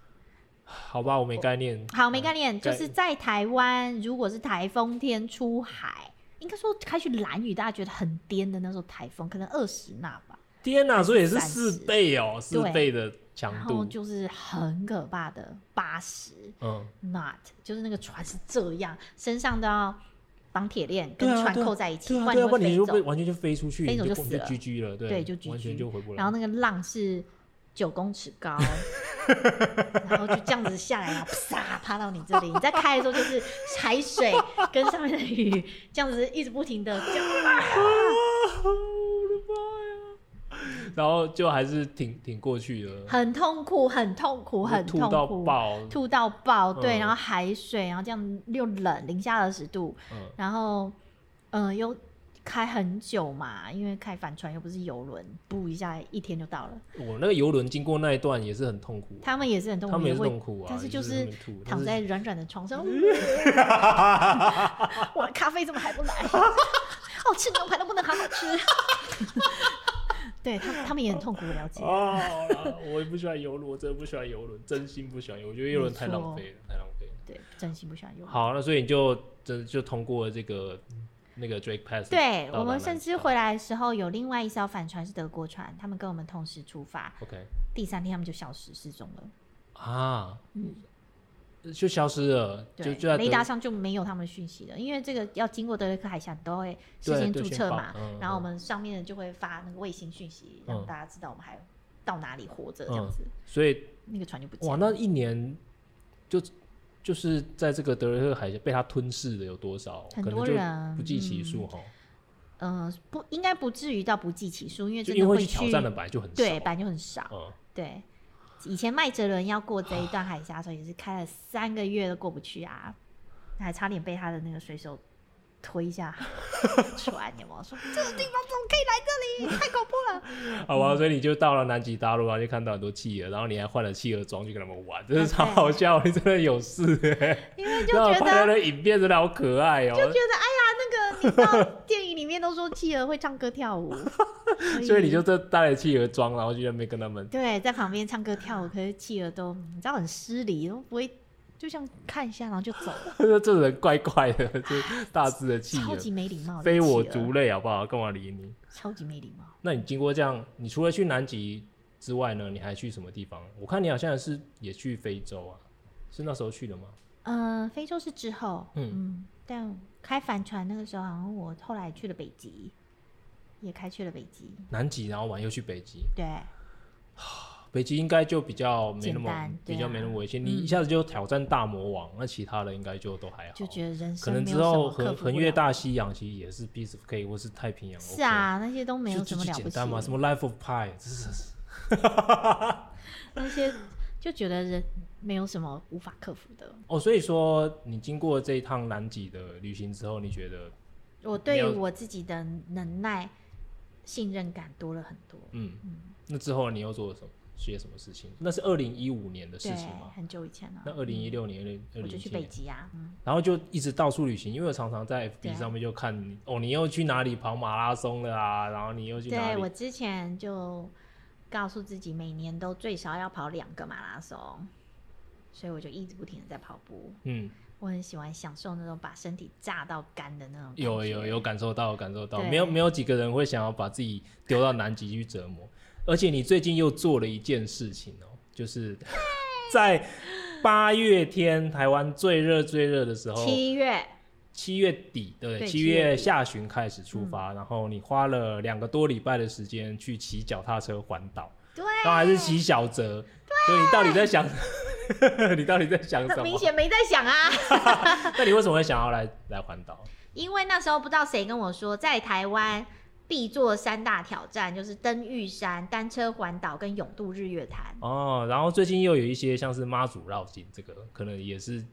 好吧，我沒概念。哦、好，沒概念。嗯、就是在台灣，該如果是台風天出海，應該說開去蘭嶼，大家覺得很顛的那種台風，可能二十那吧。顛啊。所以也是四倍哦，四 30, 倍的強度。然後就是很可怕的八十嗯 knot 就是那個船是這樣，身上都要綁鐵鏈，跟船扣在一起，不然你就被完全就飛出去，飛走就死了，GG 了，對，對就完全就回不來。然後那個浪是。九公尺高， 然後就這樣子下來啪趴 到你這裡。你在開的時候就是海水跟上面的雨 這樣子一直不停的，叫。 然後就還是挺挺過去的。很痛苦，很痛苦，很痛苦，吐到爆，吐到爆。對，嗯、然後海水，然後這樣又冷，零下二十度，嗯、然後嗯、呃、又。開很久嘛，因為開帆船又不是遊輪，補一下一天就到了。我那個遊輪經過那一段也是很痛苦，啊。他們也是很痛苦，也很痛苦啊。但是就是躺在軟軟的床上，我的哇 咖啡怎麼還不來？哦， 吃牛排都不能好好吃。 對他，他們也很痛苦，我了解。 啊、我也不喜歡遊輪，我真的不喜歡遊輪，真心不喜歡遊輪。錯我覺得遊輪太浪費了，太浪費了。對，真心不喜歡遊輪。好，那所以你就真就，就通過這個。那個 Drake Pass，南南對我們甚至回來的時候有另外一艘帆船是德國船，他們跟我們同時出發。OK，第三天他們就消失失蹤了。啊，嗯，就消失了，就,對就在雷達上就沒有他們的訊息了。因為這個要經過德雷克海峽，都會事先注冊嘛，嗯、然後我們上面就會發那個衛星訊息，嗯、讓大家知道我們還到哪裡活着這樣子。嗯、所以那個船就不見了哇。那一年就。就是在這個德雷克海峽被他吞噬的有多少？很多人不計其數嗯，呃、不應該不至於到不計其數，因為真的會去，去挑戰的白就很少，白就很少。嗯、對。以前麥哲倫要過這一段海峽的時候，啊、也是開了三個月都過不去啊，還差點被他的那個水手。推一下船你們，說 這種地方怎麼可以來這裡？ 太恐怖了。好吧，嗯、所以你就到了南極大陸，啊，然後就看到很多企鵝，然後你還換了企鵝裝去跟他們玩，真的 Okay. 超好笑。你真的有事，欸，因為就覺得拍下來的影片真的好可愛哦，喔。就覺得哎呀，那個你知道電影裡面都說企鵝會唱歌跳舞， 所以所以你就這帶着企鵝裝，然後就在那邊跟他們對，在旁邊唱歌跳舞，可是企鵝都你知道很失禮，都不會。就像看一下，然後就走了。他 這人怪怪的，就大致的氣，超級沒禮貌，我非我族類，好不好？幹嘛理你？超級沒禮貌。那你經過這樣，你除了去南極之外呢，你還去什麼地方？我看你好像是也去非洲啊，是那時候去的嗎？嗯、呃，非洲是之後，嗯，嗯，但開帆船那個時候，好像我後來去了北極，也開去了北極。南極，然後玩，又去北極。對。北極應該就比較沒那麼，比較沒那麼危險。你一下子就挑戰大魔王，那其他的應該就都還好。就覺得人生可能之後橫橫越大西洋其實也是 piece of cake 或是太平洋是啊，那些都沒有什麼了不起。就簡單嘛，什麼 Life of Pi，哈哈哈那些就覺得人沒有什麼無法克服的。哦，所以說你經過這一趟南極的旅行之後，你覺得我對於我自己的能耐信任感多了很多。嗯嗯，那之後你又做了什麼？些什麼事情？那是二零一五年的事情嗎？很久以前了。那二零一六年、二零、嗯、年我就去北極啊。嗯、然後就一直到處旅行，因為我常常在 FB 上面就看，啊、哦，你又去哪裡跑馬拉松了啊？然後你又去哪裡？對，我之前就告訴自己，每年都最少要跑兩個馬拉松，所以我就一直不停的在跑步。嗯。我很喜歡享受那種把身體榨到乾的那種感覺有。有有有感受到，有感受到。對沒有沒有幾個人會想要把自己丟到南極去折磨。而且你最近又做了一件事情哦，就是在八月天，台灣最熱最熱的時候，七月七月底，對，對，七月七月下旬開始出發，嗯、然後你花了兩個多禮拜的時間去騎腳踏車環島，對，然後還是騎小折，對，所以你到底在想？你到底在想什麼？明顯沒在想啊！ 那你為什麼會想要來來環島？因為那時候不知道誰跟我說，在台灣。嗯必做三大挑戰就是登玉山、單車環島跟泳渡日月潭。哦，然後最近又有一些像是媽祖繞境，這個可能也是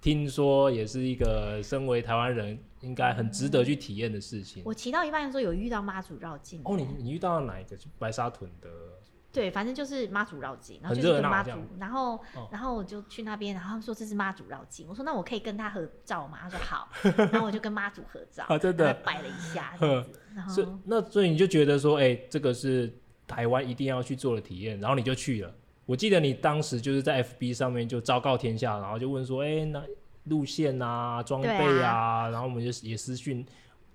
聽說，也是一個身為台灣人應該很值得去體驗的事情。嗯、我騎到一半的時候有遇到媽祖繞境。哦，你你遇到了哪一個？就白沙屯的。對，反正就是媽祖繞境，然後就是跟媽祖，媽祖，然後、嗯、然後我就去那邊，然後說這是媽祖繞境，我說那我可以跟他合照嗎？ 他說好，然後我就跟媽祖合照， 啊，擺了一下， 嗯、然後所以那所以你就覺得說，哎、欸，這個是台灣一定要去做的體驗，然後你就去了。嗯、我記得你當時就是在 FB 上面就昭告天下，然後就問說，哎、欸，那路線啊，裝備啊，啊然後我們就也私訊，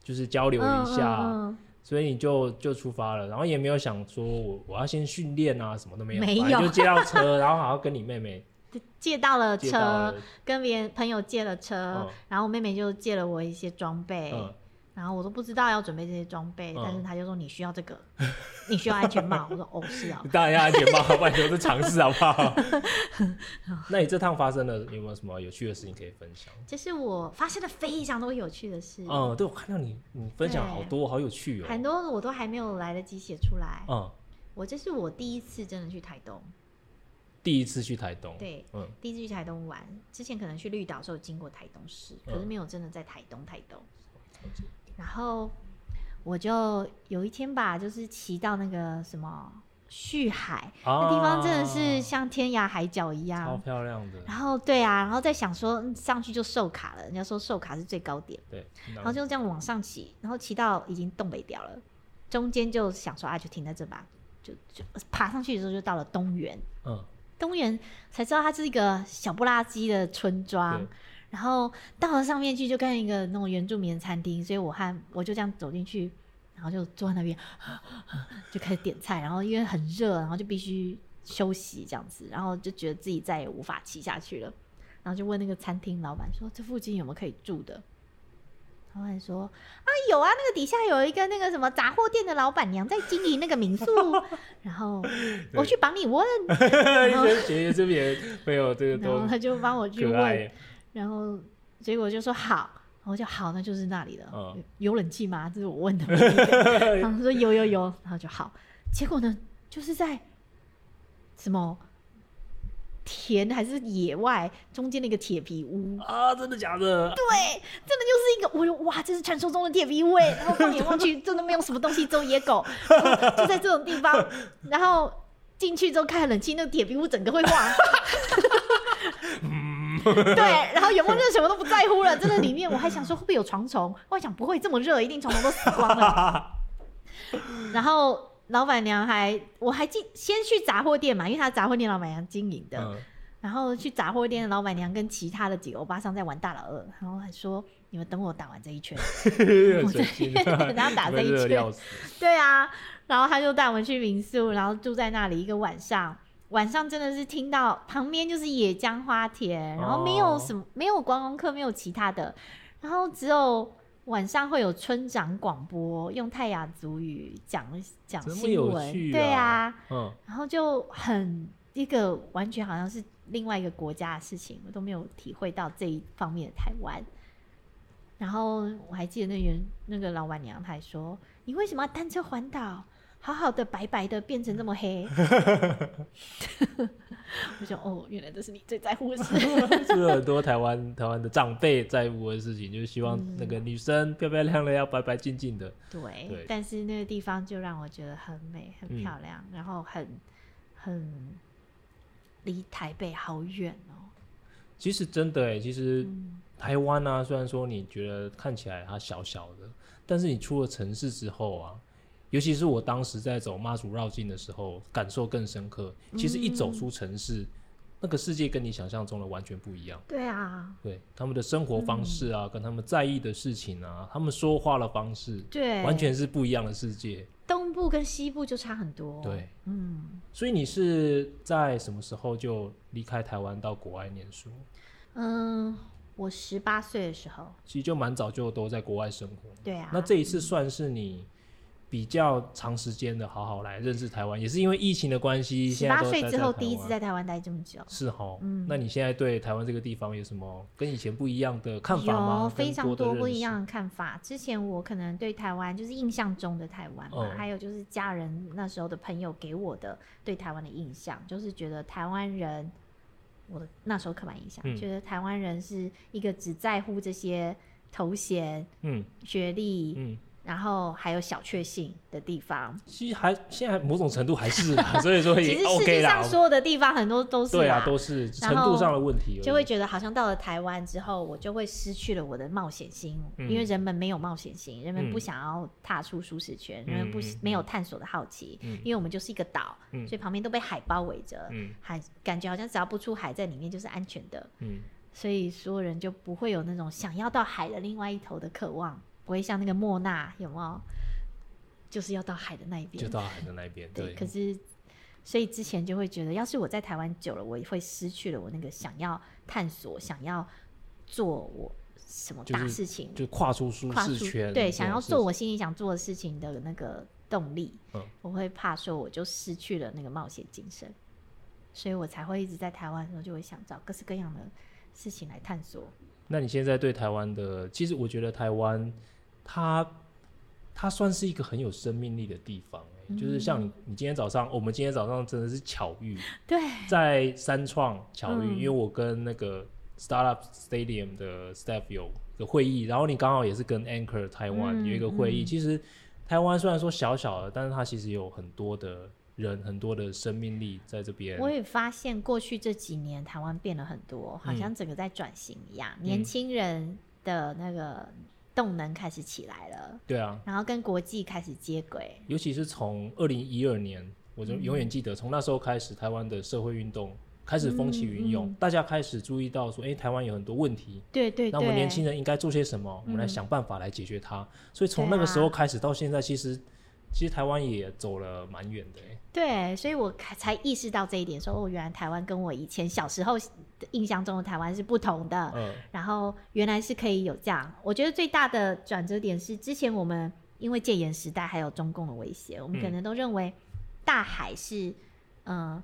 就是交流一下。嗯嗯嗯所以你就就出發了，然後也沒有想說我我要先訓練啊，什麼都沒有，沒有就借到車， 然後好像跟你妹妹借到了車，跟別人朋友借了車。嗯、然後我妹妹就借了我一些裝備。嗯然後我都不知道要準備這些裝備，但是他就說你需要這個，你需要安全帽。我說哦，是啊，當然要安全帽，萬事都嘗試好不好？那你這趟發生了有沒有什麼有趣的事情可以分享？這是我發生了非常多有趣的事。嗯，對我看到你，你分享好多好有趣哦，很多我都還沒有來得及寫出來。嗯，我這是我第一次真的去台東，第一次去台東，對，第一次去台東玩。之前可能去綠島的時候經過台東市，可是沒有真的在台東台東。然後我就有一天吧，就是騎到那個什麼旭海，啊、那地方真的是像天涯海角一樣，超漂亮的。然後對啊，然後再想說上去就壽卡了，人家說壽卡是最高點，對。然後，然後就這樣往上騎，然後騎到已經東北掉了，中間就想說啊，就停在這吧，就就爬上去的時候就到了東源，嗯，東源才知道它是一個小不拉幾的村莊。然後到了上面去，就看一個那種原住民餐廳，所以我還我就這樣走進去，然後就坐在那邊，呵呵就開始點菜。然後因為很熱，然後就必須休息這樣子，然後就覺得自己再也無法騎下去了。然後就問那個餐廳老板說：“這附近有沒有可以住的？”然後還說：“啊，有啊，那個底下有一個那個什麼雜貨店的老板娘在經營那個民宿。” 然後我去幫你問，對然後覺得這邊沒有這個， 然後他就幫我去問。 然後結果就說好，然後就好，那就是那裡了。哦、有冷氣嗎？這是我問的，問的。 然後說有有有，然後就好。結果呢，就是在什麼田還是野外中間的一個鐵皮屋啊？真的假的？對，真的就是一個。我說哇，這是傳說中的鐵皮屋耶。然後放眼望去， 真的沒有什麼東西，只有野狗。 就在這種地方，然後進去之後開冷氣，那個鐵皮屋整個會化。 對，然後有夢就什麼都不在乎了，真的。裡面我還想說會不會有床蟲，我想不會，這麼熱一定床蟲都死光了。 然後老闆娘還，我還記先去雜貨店嘛，因為他雜貨店老闆娘經營的。嗯、然後去雜貨店的老闆娘跟其他的幾個歐巴桑在玩大老二，然後還說你們等我打完這一圈，我等 後打這一圈，對啊，然後他就帶我們去民宿，然後住在那裡一個晚上。晚上真的是聽到旁邊就是野薑花田，然後沒有什麼，oh. 沒有觀光客，沒有其他的，然後只有晚上會有村長廣播，用泰雅族語講講新聞，啊對啊，嗯，然後就很一個完全好像是另外一個國家的事情，我都沒有體會到這一方面的台灣。然後我還記得那人那個老板娘她還說：“你為什麼要單車環島？”好好的白白的變成這麼黑， 我想哦，原來這是你最在乎的事。是 很多台灣 台灣的長輩在乎的事情，就是希望那個女生漂漂亮亮的，要白白淨淨的。對，對但是那個地方就讓我覺得很美、很漂亮，嗯、然後很很離台北好遠哦。其實真的哎、欸，其實台灣啊，雖然說你覺得看起來它小小的，但是你出了城市之後啊。尤其是我當時在走媽祖繞境的時候，感受更深刻。其實一走出城市，嗯、那個世界跟你想象中的完全不一樣。對啊，對他們的生活方式啊，嗯、跟他們在意的事情啊，他們說話的方式，對，完全是不一樣的世界。東部跟西部就差很多。對，嗯。所以你是在什麼時候就離開台灣到國外念書？嗯，我十八歲的時候，其實就蠻早就都在國外生活。對啊，那這一次算是你、嗯。比較長時間的好好來認識台灣，也是因為疫情的關係。十八歲之後第一次在台灣待這麼久，是齁？嗯，那你現在對台灣這個地方有什麼跟以前不一樣的看法嗎？有非常多不一樣的看法。之前我可能對台灣就是印象中的台灣嘛，嗯、還有就是家人那時候的朋友給我的對台灣的印象，就是覺得台灣人，我的那時候刻板印象，嗯、覺得台灣人是一個只在乎這些頭銜、嗯，學歷，嗯。然後還有小確幸的地方，其實還現在某種程度還是，所以說也 OK 了。其實世界上所有的地方很多都是對啊，都是程度上的問題。就會覺得好像到了台灣之後，我就會失去了我的冒險心，因為人們沒有冒險心，人們不想要踏出舒適圈，人們不沒有探索的好奇，因為我們就是一個島，所以旁邊都被海包圍着，海感覺好像只要不出海，在裡面就是安全的，所以所有人就不會有那種想要到海的另外一頭的渴望。不會像那個莫娜，有沒有？就是要到海的那一邊，就到海的那一邊。 對。對可是，所以之前就會覺得，要是我在台灣久了，我也會失去了我那個想要探索、想要做我什麼大事情，就是、就跨出舒適圈，對，對想要做我心裡想做的事情的那個動力。嗯。我會怕說，我就失去了那個冒險精神，所以我才會一直在台灣的時候就會想找各式各樣的事情來探索。那你現在對台灣的，其實我覺得台灣。它，它算是一個很有生命力的地方、欸。嗯、就是像你，今天早上，嗯、我們今天早上真的是巧遇。對，在三創巧遇，嗯、因為我跟那個 Startup Stadium 的 staff 有個會議，然後你剛好也是跟 Anchor 台灣有一個會議。嗯嗯、其實台灣雖然說小小的，但是它其實有很多的人，很多的生命力在這邊。我也發現過去這幾年台灣變了很多，好像整個在轉型一樣，嗯、年輕人的那個動能開始起來了，對啊，然後跟國際開始接軌，尤其是從二零一二年，我就永遠記得，從、嗯、那時候開始，台灣的社會運動開始風起雲湧，嗯嗯，大家開始注意到說，哎、欸，台灣有很多問題，對，對對，那我們年輕人應該做些什麼？我們來想辦法來解決它。嗯、所以從那個時候開始到現在，啊、其實。其實台灣也走了蠻遠的。欸，對，所以我才意識到這一點，說，說哦，原來台灣跟我以前小時候印象中的台灣是不同的。嗯、然後原來是可以有這樣。我覺得最大的轉折點是，之前我們因為戒嚴時代還有中共的威脅，我們可能都認為大海是嗯、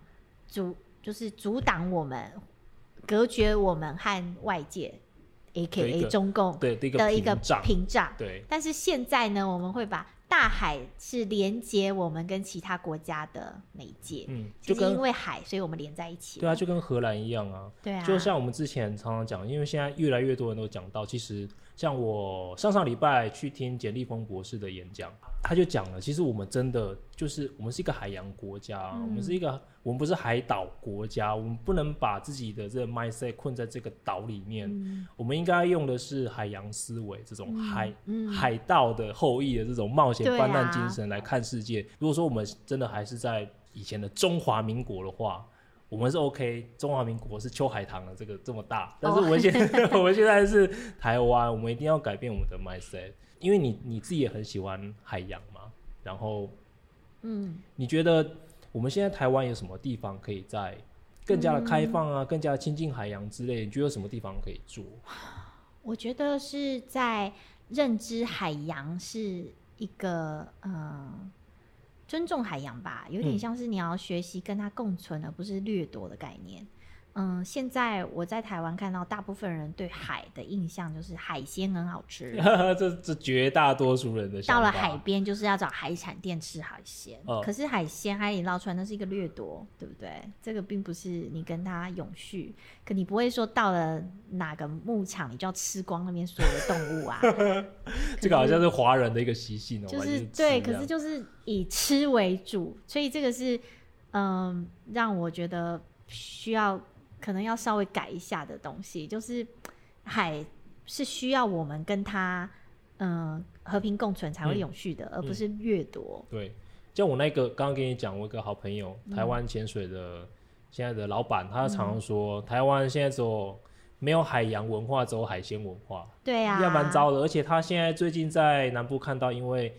阻、嗯，就是阻擋我們、隔絕我們和外界，AKA 中共的一個屏障。對，屏障對。但是現在呢，我們會把。大海是連接我們跟其他國家的媒介，嗯，就是因為海，所以我們連在一起。對啊，就跟荷蘭一樣啊，對啊，就像我們之前常常講，因為現在越來越多人都講到，其實像我上上禮拜去聽簡立峰博士的演講。他就講了，其實我們真的就是我們是一個海洋國家，嗯、我們是一個，我們不是海島國家，我們不能把自己的這個 mindset 困在這個島裡面，嗯、我們應該用的是海洋思維，這種海、嗯、海盜的後裔的這種冒險、犯難精神來看世界。啊、如果說我們真的還是在以前的中華民國的話，我們是 OK，中華民國是秋海棠的這個這麼大，但是我們現在、哦、 我們現在是台灣，我們一定要改變我們的 mindset。因為你你自己也很喜歡海洋嘛，然後，嗯，你覺得我們現在台灣有什麼地方可以在更加的開放啊，嗯、更加的親近海洋之類？你覺得有什麼地方可以做？我覺得是在認知海洋是一個嗯、呃，尊重海洋吧，有點像是你要學習跟它共存，而不是掠奪的概念。嗯嗯，現在我在台灣看到，大部分人對海的印象就是海鮮很好吃。 這這絕大多數人的想法，到了海邊就是要找海產店吃海鮮。哦。可是海鮮海裡撈出來，那是一個掠奪，對不對？這個並不是你跟他永續。可你不會說到了哪個牧場，你就要吃光那邊所有的動物啊？ 是這個好像是華人的一個習性哦。就是，就是對，可是就是以吃為主，所以這個是嗯，讓我覺得需要。可能要稍微改一下的東西，就是海是需要我們跟它，嗯、呃、和平共存才會永續的，嗯嗯、而不是掠奪。對，就我那個剛剛跟你講，我一個好朋友，台灣潛水的現在的老闆，嗯、他常常說、嗯、台灣現在只有沒有海洋文化，只有海鮮文化，對呀、啊，要蠻糟的。而且他現在最近在南部看到，因為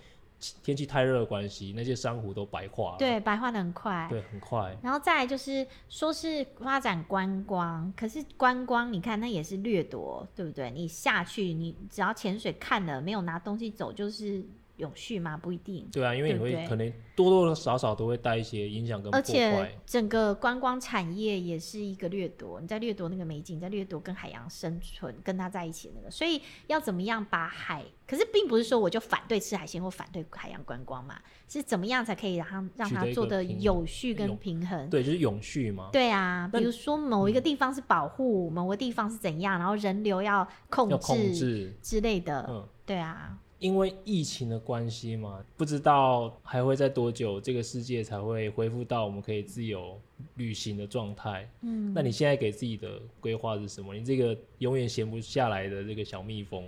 天氣太熱的關係，那些珊瑚都白化了，對，白化得很快。對，很快。然後再來就是說是發展觀光，可是觀光，你看那也是掠奪，對不對？你下去，你只要潛水看了，沒有拿東西走，就是。永續嘛，不一定。對啊，因為你會可能多多少少都會帶一些影響跟破壞。而且整個觀光產業也是一個掠奪，你在掠奪那個美景，在掠奪跟海洋生存、跟它在一起那個。所以要怎麼樣把海，可是並不是說我就反對吃海鮮或反對海洋觀光嘛，是怎麼樣才可以讓讓它做得有序跟平衡。取得一個平衡？對，就是永續嘛。對啊，比如說某一個地方是保護，嗯、某個地方是怎樣，然後人流要控制之類的。嗯、對啊。因為疫情的關係嘛，不知道還會再多久這個世界才會恢復到我們可以自由旅行的狀態。嗯，那你現在給自己的規劃是什麼？你這個永遠閒不下來的這個小蜜蜂。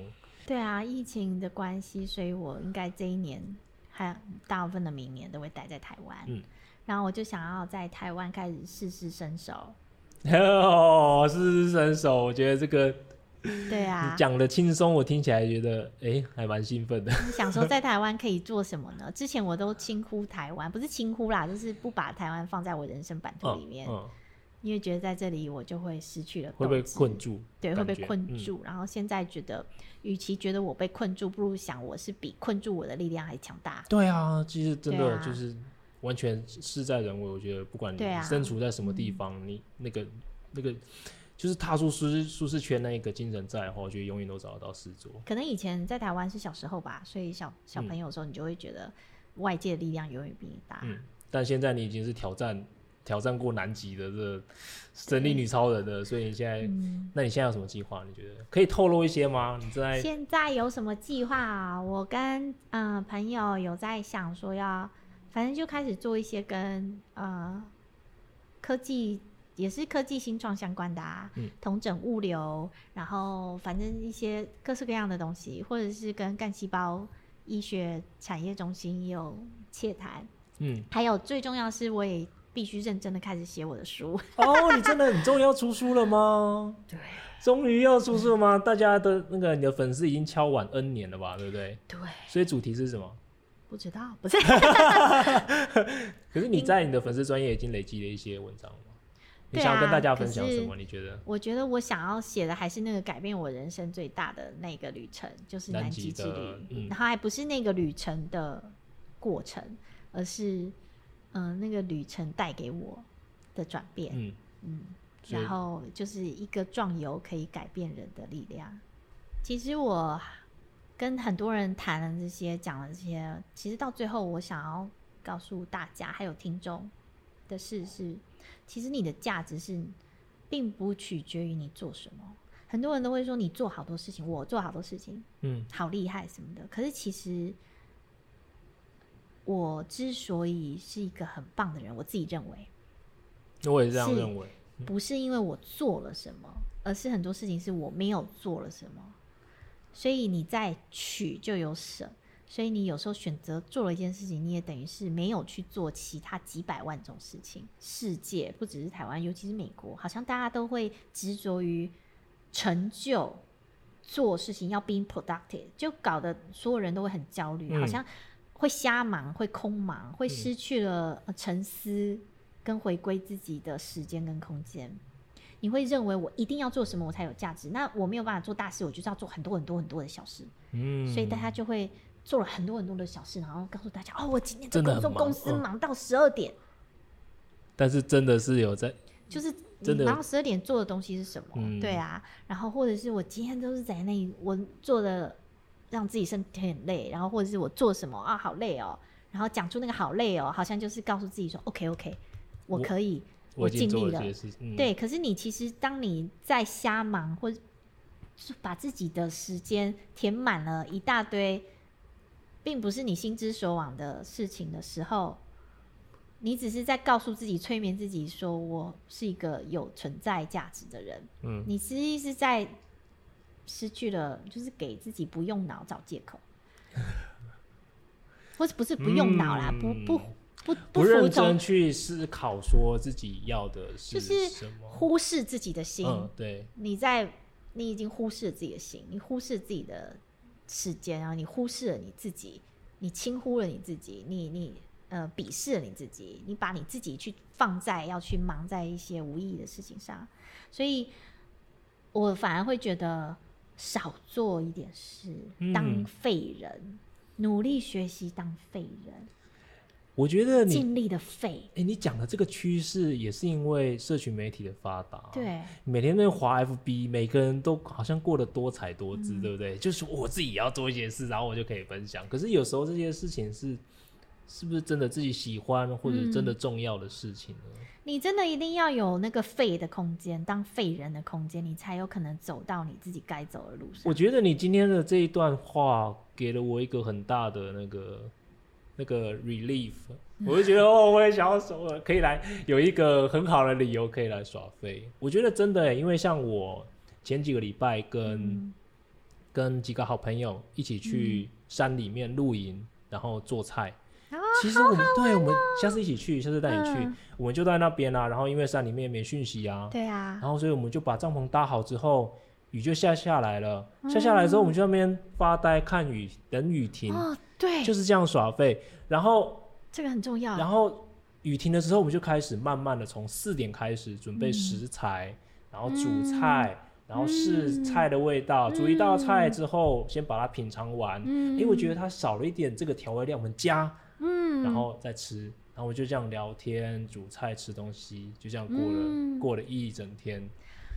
對啊，疫情的關係，所以我應該這一年還大部分的明年都會待在台灣。嗯，然後我就想要在台灣開始試試身手。 哦，試試身手，我覺得這個。嗯、對啊，你講得輕鬆，我聽起來覺得哎、欸，還蠻興奮的。想說在台灣可以做什麼呢？ 之前我都輕忽台灣，不是輕忽啦，就是不把台灣放在我人生版圖裡面，嗯嗯、因為覺得在這裡我就會失去了，會被會困住？嗯、對，會被困住。嗯、然後現在覺得，與其覺得我被困住，不如想我是比困住我的力量還強大。對啊，其實真的、啊、就是完全事在人為。我覺得不管你身處在什麼地方，啊、你那個、嗯、你那個。那個就是踏出舒適舒適圈那一個精神在的話，我覺得永遠都找得到事做。可能以前在台灣是小時候吧，所以小小朋友的時候，你就會覺得外界的力量永遠比你大。嗯，但現在你已經是挑戰挑戰過南極的這神力女超人的。對所以你現在，嗯、那你現在有什麼計劃？你覺得可以透露一些嗎？你在現在有什麼計劃啊？我跟嗯、呃、朋友有在想說要，要反正就開始做一些跟嗯、呃、科技。也是科技新創相關的啊，嗯，同整物流，然後反正一些各式各樣的東西，或者是跟幹細胞醫學產業中心有洽談。嗯，還有最重要的是，我也必須認真的開始寫我的書。哦， 你真的，你終於要出書了嗎？對，終於要出書了嗎？大家的那個你的粉絲已經敲碗 N 年了吧，對不對？對。所以主題是什麼？不知道，不是。 可是你在你的粉絲專業已經累積了一些文章了。你想跟大家分享什麼？啊、你覺得？我覺得我想要寫的還是那個改變我人生最大的那個旅程，就是南極之旅。嗯、然後，還不是那個旅程的過程，而是嗯、呃，那個旅程帶給我的轉變。嗯嗯，然後就是一個壯遊可以改變人的力量。其實我跟很多人談了這些，講了這些，其實到最後我想要告訴大家，還有聽眾的事是。其實你的價值是，並不取決於你做什麼。很多人都會說你做好多事情，我做好多事情，嗯，好厲害什麼的。可是其實，我之所以是一個很棒的人，我自己認為，我也是這樣認為，不是因為我做了什麼，嗯、而是很多事情是我沒有做了什麼。所以你在取，就有捨。所以你有時候選擇做了一件事情，你也等於是沒有去做其他幾百萬種事情。世界不只是台灣，尤其是美國，好像大家都會執着於成就，做事情要 being productive，就搞得所有人都會很焦慮，嗯、好像會瞎忙、會空忙、會失去了沉思跟回歸自己的時間跟空間。你會認為我一定要做什麼我才有價值？那我沒有辦法做大事，我就是要做很多很多很多的小事。嗯、所以大家就會。做了很多很多的小事，然後告訴大家哦，我今天這工作公司忙到十二點。但是真的是有在，嗯、就是你忙到十二點做的東西是什麼？嗯、對啊，然後或者是我今天都是在那裡，我做的讓自己身體很累，然後或者是我做什麼啊好累哦、喔，然後講出那個好累哦、喔，好像就是告訴自己說 OK OK，我可以，我盡力了。了嗯、對，可是你其實當你在瞎忙或者把自己的時間填滿了一大堆。並不是你心之所往的事情的時候，你只是在告訴自己、催眠自己說，說我是一個有存在價值的人。嗯，你實際是在失去了，就是給自己不用腦找借口，不 是不是不用腦啦，嗯、不不不不，不認真去思考，說自己要的是，就是忽視自己的心。嗯、對，你在你已經忽視自己的心，你忽視自己的。時間，啊，你忽視了你自己，你輕忽了你自己，你你呃鄙視了你自己，你把你自己去放在要去忙在一些無意義的事情上，所以我反而會覺得少做一點事，當廢人，嗯、努力學習當廢人。我覺得你盡力的廢。哎、欸，你講的這個趨勢也是因為社群媒體的發達，對，每天都會滑 FB，每個人都好像過得多才多姿，嗯、對不對？就是我自己也要做一些事，然後我就可以分享。可是有時候這些事情是，是不是真的自己喜歡或者真的重要的事情呢？嗯、你真的一定要有那個廢的空間，當廢人的空間，你才有可能走到你自己該走的路上。我覺得你今天的這一段話給了我一個很大的那個。那個 relief，我就覺得哦，我也想要手了，可以來有一個很好的理由可以來耍廢。我覺得真的，因為像我前幾個禮拜跟、嗯、跟幾個好朋友一起去山裡面露營，然後做菜。嗯、其實我們、哦好好玩哦，對，我們下次一起去，下次帶你去，嗯、我們就在那邊啊，然後因為山裡面沒訊息啊，對啊，然後所以我們就把帳篷搭好之後。雨就下下來了，下下來之後，我們就那邊發呆看雨，嗯、等雨停。哦、對，就是這樣耍廢，然後這個很重要。然後雨停的時候，我們就開始慢慢的從四點開始準備食材，嗯、然後煮菜，嗯、然後試菜的味道。嗯、煮一道菜之後，先把它品嘗完。因為、嗯、我覺得它少了一點這個調味料，我們加。嗯。然後再吃，然後我就這樣聊天、煮菜、吃東西，就這樣過了、嗯、過了一整天。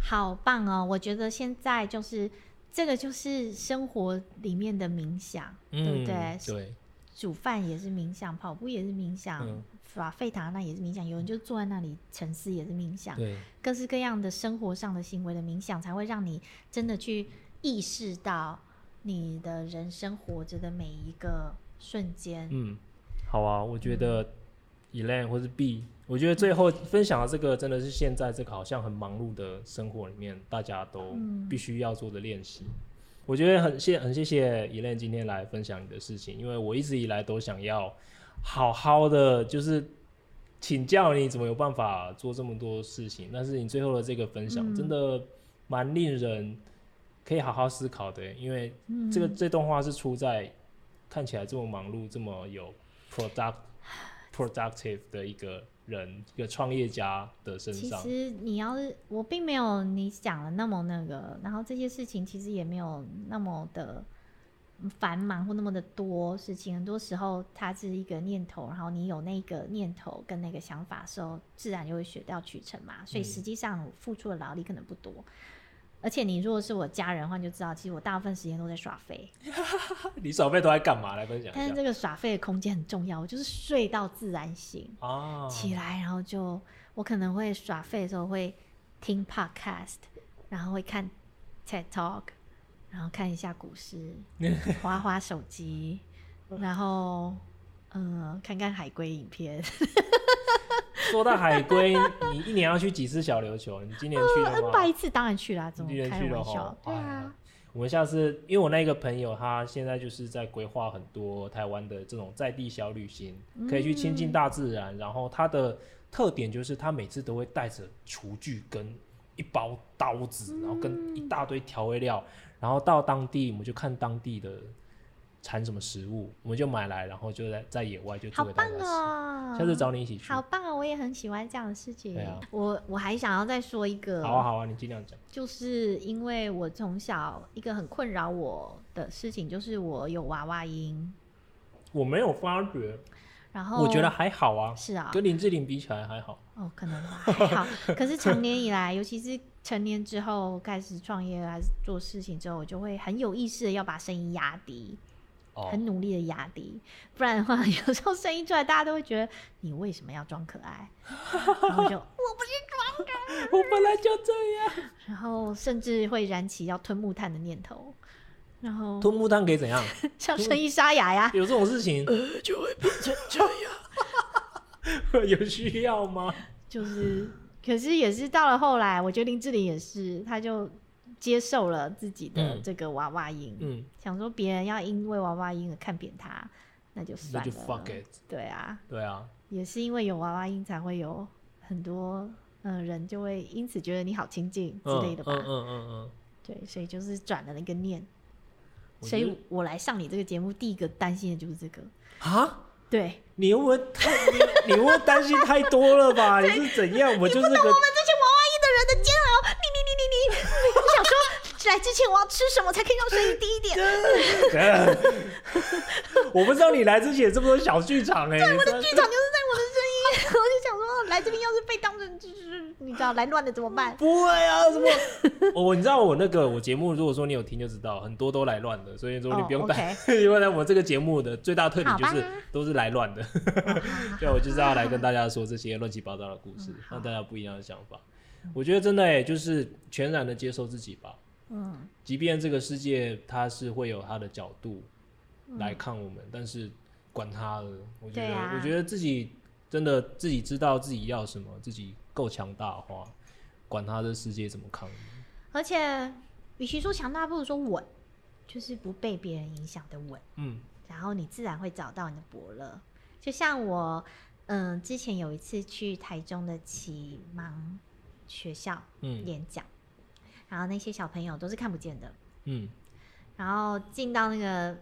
好棒哦！我覺得現在就是這個，就是生活裡面的冥想，嗯、對不對？對，煮飯也是冥想，跑步也是冥想，刷沸騰那也是冥想。有人就坐在那裡沉思也是冥想，對，各式各樣的生活上的行為的冥想，才會讓你真的去意識到你的人生活着的每一個瞬間。嗯，好啊，我覺得。Elaine 或是 B，我覺得最後分享的這個真的是現在這個好像很忙碌的生活裡面，大家都必須要做的練習。嗯、我覺得很謝，謝，很謝謝 Elaine 今天來分享你的事情，因為我一直以來都想要好好的就是請教你怎麼有辦法做這麼多事情。但是你最後的這個分享真的蠻令人可以好好思考的、欸，因為這個、嗯、這段話是出在看起來這麼忙碌，這麼有 product。productive 的一個人，一個創業家的身上。其實你要是我，並沒有你想的那麼那個，然後這些事情其實也沒有那麼的繁忙或那麼的多事情。很多時候，它是一個念頭，然後你有那個念頭跟那個想法的時候，自然就會水到渠成嘛。所以實際上付出的勞力可能不多。嗯而且你如果是我家人的話，你就知道，其實我大部分時間都在耍廢。 你耍廢都在幹嘛？來分享。但是這個耍廢的空間很重要。我就是睡到自然醒，哦、啊，起來然後就，我可能會耍廢的時候會聽 podcast，然後會看 TED Talk，然後看一下股市， 滑滑手機，然後嗯、呃，看看海龜影片。 說到海龜，你一年要去幾次小琉球？你今年去了嗎？拜、呃、一次當然去了，怎麼開玩笑了？今年去了？對啊、哎呀，我們下次因為我那個朋友，他現在就是在規劃很多台灣的這種在地小旅行，可以去親近大自然。嗯、然後他的特點就是他每次都會帶着廚具跟一包刀子，然後跟一大堆調味料，然後到當地我們就看當地的。產什麼食物，我們就買來，然後就在在野外就吃。好棒哦！下次找你一起去。好棒哦！我也很喜歡這樣的事情。對啊，我我還想要再說一個。好啊，好啊，你盡量講。就是因為我從小一個很困擾我的事情，就是我有娃娃音。我沒有發覺。然後我覺得還好啊。是啊，跟林志玲比起來還好。哦，可能還好。 可是長年以來，尤其是成年之後開始創業還是做事情之後，我就會很有意識的要把聲音壓低。Oh. 很努力的壓低，不然的話，有時候聲音出來，大家都會覺得你為什麼要裝可愛，然後就 我不是裝可愛， 我本來就這樣，然後甚至會燃起要吞木炭的念頭，然後吞木炭可以怎樣？像聲音沙啞呀，有這種事情，就會變成這樣，有需要嗎？就是，可是也是到了後來，我覺得林志玲也是，她就。接受了自己的這個娃娃音，嗯嗯、想說別人要因為娃娃音而看扁他，那就算了。那就 fuck it，對啊，對啊，也是因為有娃娃音才會有很多嗯、呃、人就會因此覺得你好親近之類的吧。嗯嗯嗯，嗯嗯嗯嗯對，所以就是轉了那個念。就所以我來上你這個節目，第一個擔心的就是這個啊？蛤對，你會不會太， 你會不會擔心太多了吧？以你是怎樣？我就是、那個。來之前我要吃什麼才可以讓聲音低一點 一？我不知道你來之前有這麼多小劇場哎、欸！對，我的劇場就是在我的聲音。 我就想說，來這邊要是被當成就是你知道來亂的怎麼辦？不會啊，什麼、 哦？我你知道我那個我節目，如果說你有聽就知道，很多都來亂的。所以說你不用帶。Oh, okay. 因為呢，我這個節目的最大特點就是都是來亂的。對，我就是要來跟大家說這些亂七八糟的故事，嗯、讓大家不一樣的想法。我覺得真的哎、欸，就是全然的接受自己吧。嗯，即便這個世界它是會有它的角度來看我們，嗯、但是管他的，我覺得，啊、我覺得自己真的自己知道自己要什麼，自己夠強大的話，管他的世界怎麼看我們。而且，與其說強大，不如說穩，就是不被別人影響的穩。嗯，然後你自然會找到你的伯樂。就像我，嗯，之前有一次去台中的啟明學校，嗯，演講。然後那些小朋友都是看不見的，嗯，然後進到那個，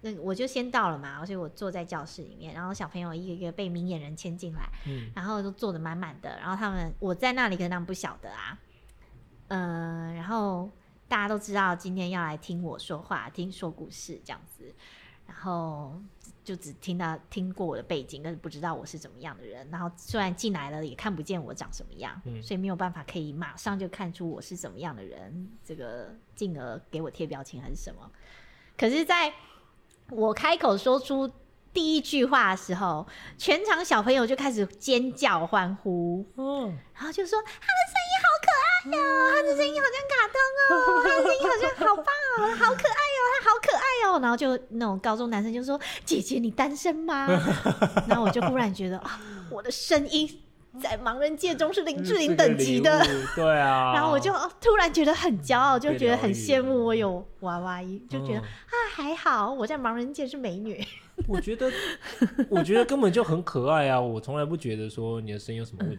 那個我就先到了嘛，所以我坐在教室裡面，然後小朋友一個一個被明眼人牽進來，嗯，然後都坐得滿滿的，然後他們我在那裡跟他們不曉得啊，嗯、呃，然後大家都知道今天要來聽我說話，聽說故事這樣子，然後。就只聽到聽過我的背景，但是不知道我是怎麼樣的人。然後雖然進來了，也看不見我長什麼樣，嗯、所以沒有辦法可以馬上就看出我是怎麼樣的人，這個進而給我貼標籤還是什麼。可是，在我開口說出第一句話的時候，全場小朋友就開始尖叫歡呼，嗯、然後就說他的聲音。哎呀，他的聲音好像卡通哦， 他的聲音好像好棒哦，好可愛哦，他好可愛哦。然後就那種高中男生就說：“ 姐姐，你單身嗎？” 然後我就忽然覺得啊、哦，我的聲音在盲人界中是林志玲等級的，對啊。 然後我就、哦、突然覺得很驕傲，就覺得很羨慕我有娃娃音，嗯、就覺得啊還好，我在盲人界是美女。 我覺得，我覺得根本就很可愛啊，我從來不覺得說你的聲音有什麼問題。嗯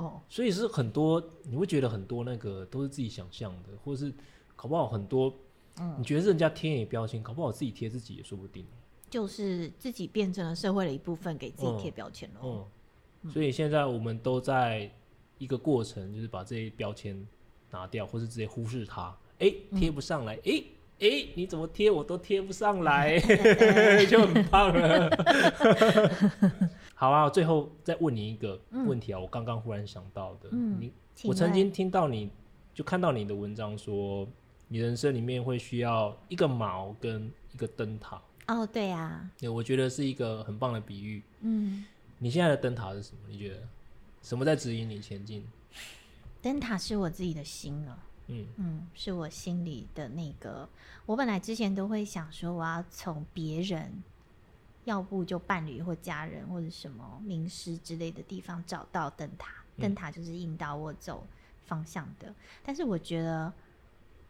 哦，所以是很多，你會覺得很多那個都是自己想象的，或是搞不好很多，嗯，你覺得人家貼你的標籤，搞不好自己貼自己也說不定，就是自己變成了社會的一部分，給自己貼標籤了、嗯。嗯，所以現在我們都在一個過程，就是把這些標籤拿掉，或是直接忽視它。哎、欸，貼不上來，哎哎、嗯欸欸，你怎麼貼我都貼不上來，哎哎哎 就很胖了。 好啊，最後再問你一個問題啊，嗯、我剛剛忽然想到的。嗯，你問我曾經聽到你，就看到你的文章說，你人生裡面會需要一個錨跟一個燈塔。哦，對呀、啊。對，我覺得是一個很棒的比喻。嗯，你現在的燈塔是什麼？你覺得什麼在指引你前進？燈塔是我自己的心啊。嗯嗯，是我心裡的那個。我本來之前都會想說，我要從別人。要不就伴侶或家人，或者什麼名師之類的地方找到燈塔，嗯、燈塔就是引導我走方向的。但是我覺得，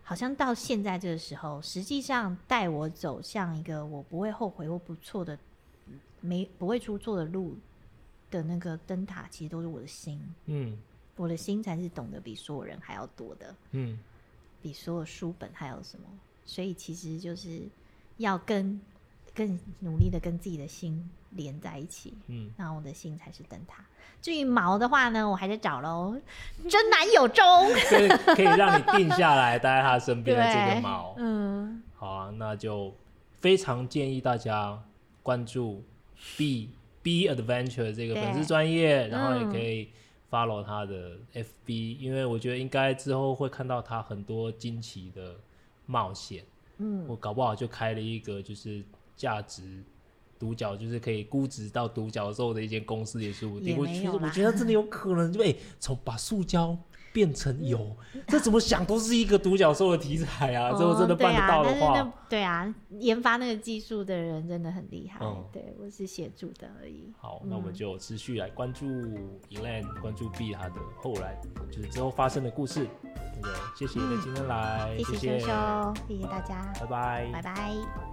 好像到現在這個時候，實際上帶我走向一個我不會後悔或不錯的，沒不會出錯的路的那個燈塔，其實都是我的心。嗯，我的心才是懂得比所有人還要多的。嗯，比所有書本還有什麼？所以其實就是要跟。更努力的跟自己的心連在一起，嗯，那我的心才是燈塔。至於貓的話呢，我還是找嘍， 真男友中，可 以可以讓你定下來待在他身邊的這個貓。嗯，好啊，那就非常建議大家關注 B B Adventure 這個粉絲專頁，對然後也可以 follow 他的 FB、嗯、因為我覺得應該之後會看到他很多驚奇的冒險。嗯，我搞不好就開了一個就是。價值獨角就是可以估值到獨角獸的一間公司也是我覺得我覺得真的有可能，就哎，從把塑膠變成油，這怎麼想都是一個獨角獸的題材啊！如果真的辦得到的話，對啊，研發那個技術的人真的很厲害。對我是協助的而已。好，那我們就持續來關注 Elaine 關注 B。它的後來，就是之後發生的故事。那就謝謝你們今天來，謝謝謝謝大家，拜拜，拜拜。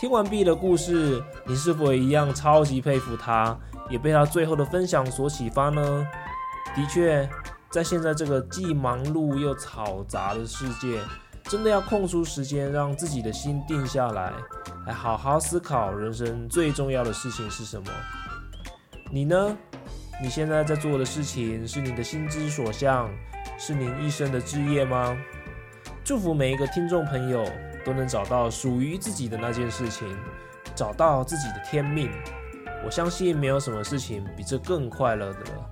聽完 B 的故事，你是否也一樣超級佩服他，也被他最後的分享所啟發呢？的確，在現在這個既忙碌又嘈雜的世界，真的要空出時間，讓自己的心定下來，來好好思考人生最重要的事情是什麼。你呢？你現在在做的事情，是你的心之所向，是你一生的志業嗎？祝福每一個聽眾朋友。都能找到屬於自己的那件事情，找到自己的天命。我相信沒有什麼事情比這更快樂的了。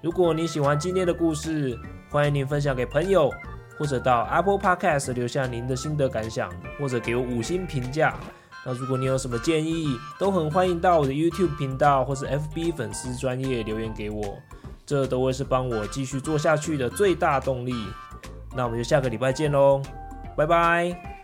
如果你喜歡今天的故事，歡迎您分享給朋友，或者到 Apple Podcast 留下您的心得感想，或者給我五星評價。那如果你有什麼建議，都很歡迎到我的 YouTube 頻道或是 FB 粉絲專頁留言給我，這都會是幫我繼續做下去的最大動力。那我們就下個禮拜見嘍，拜拜。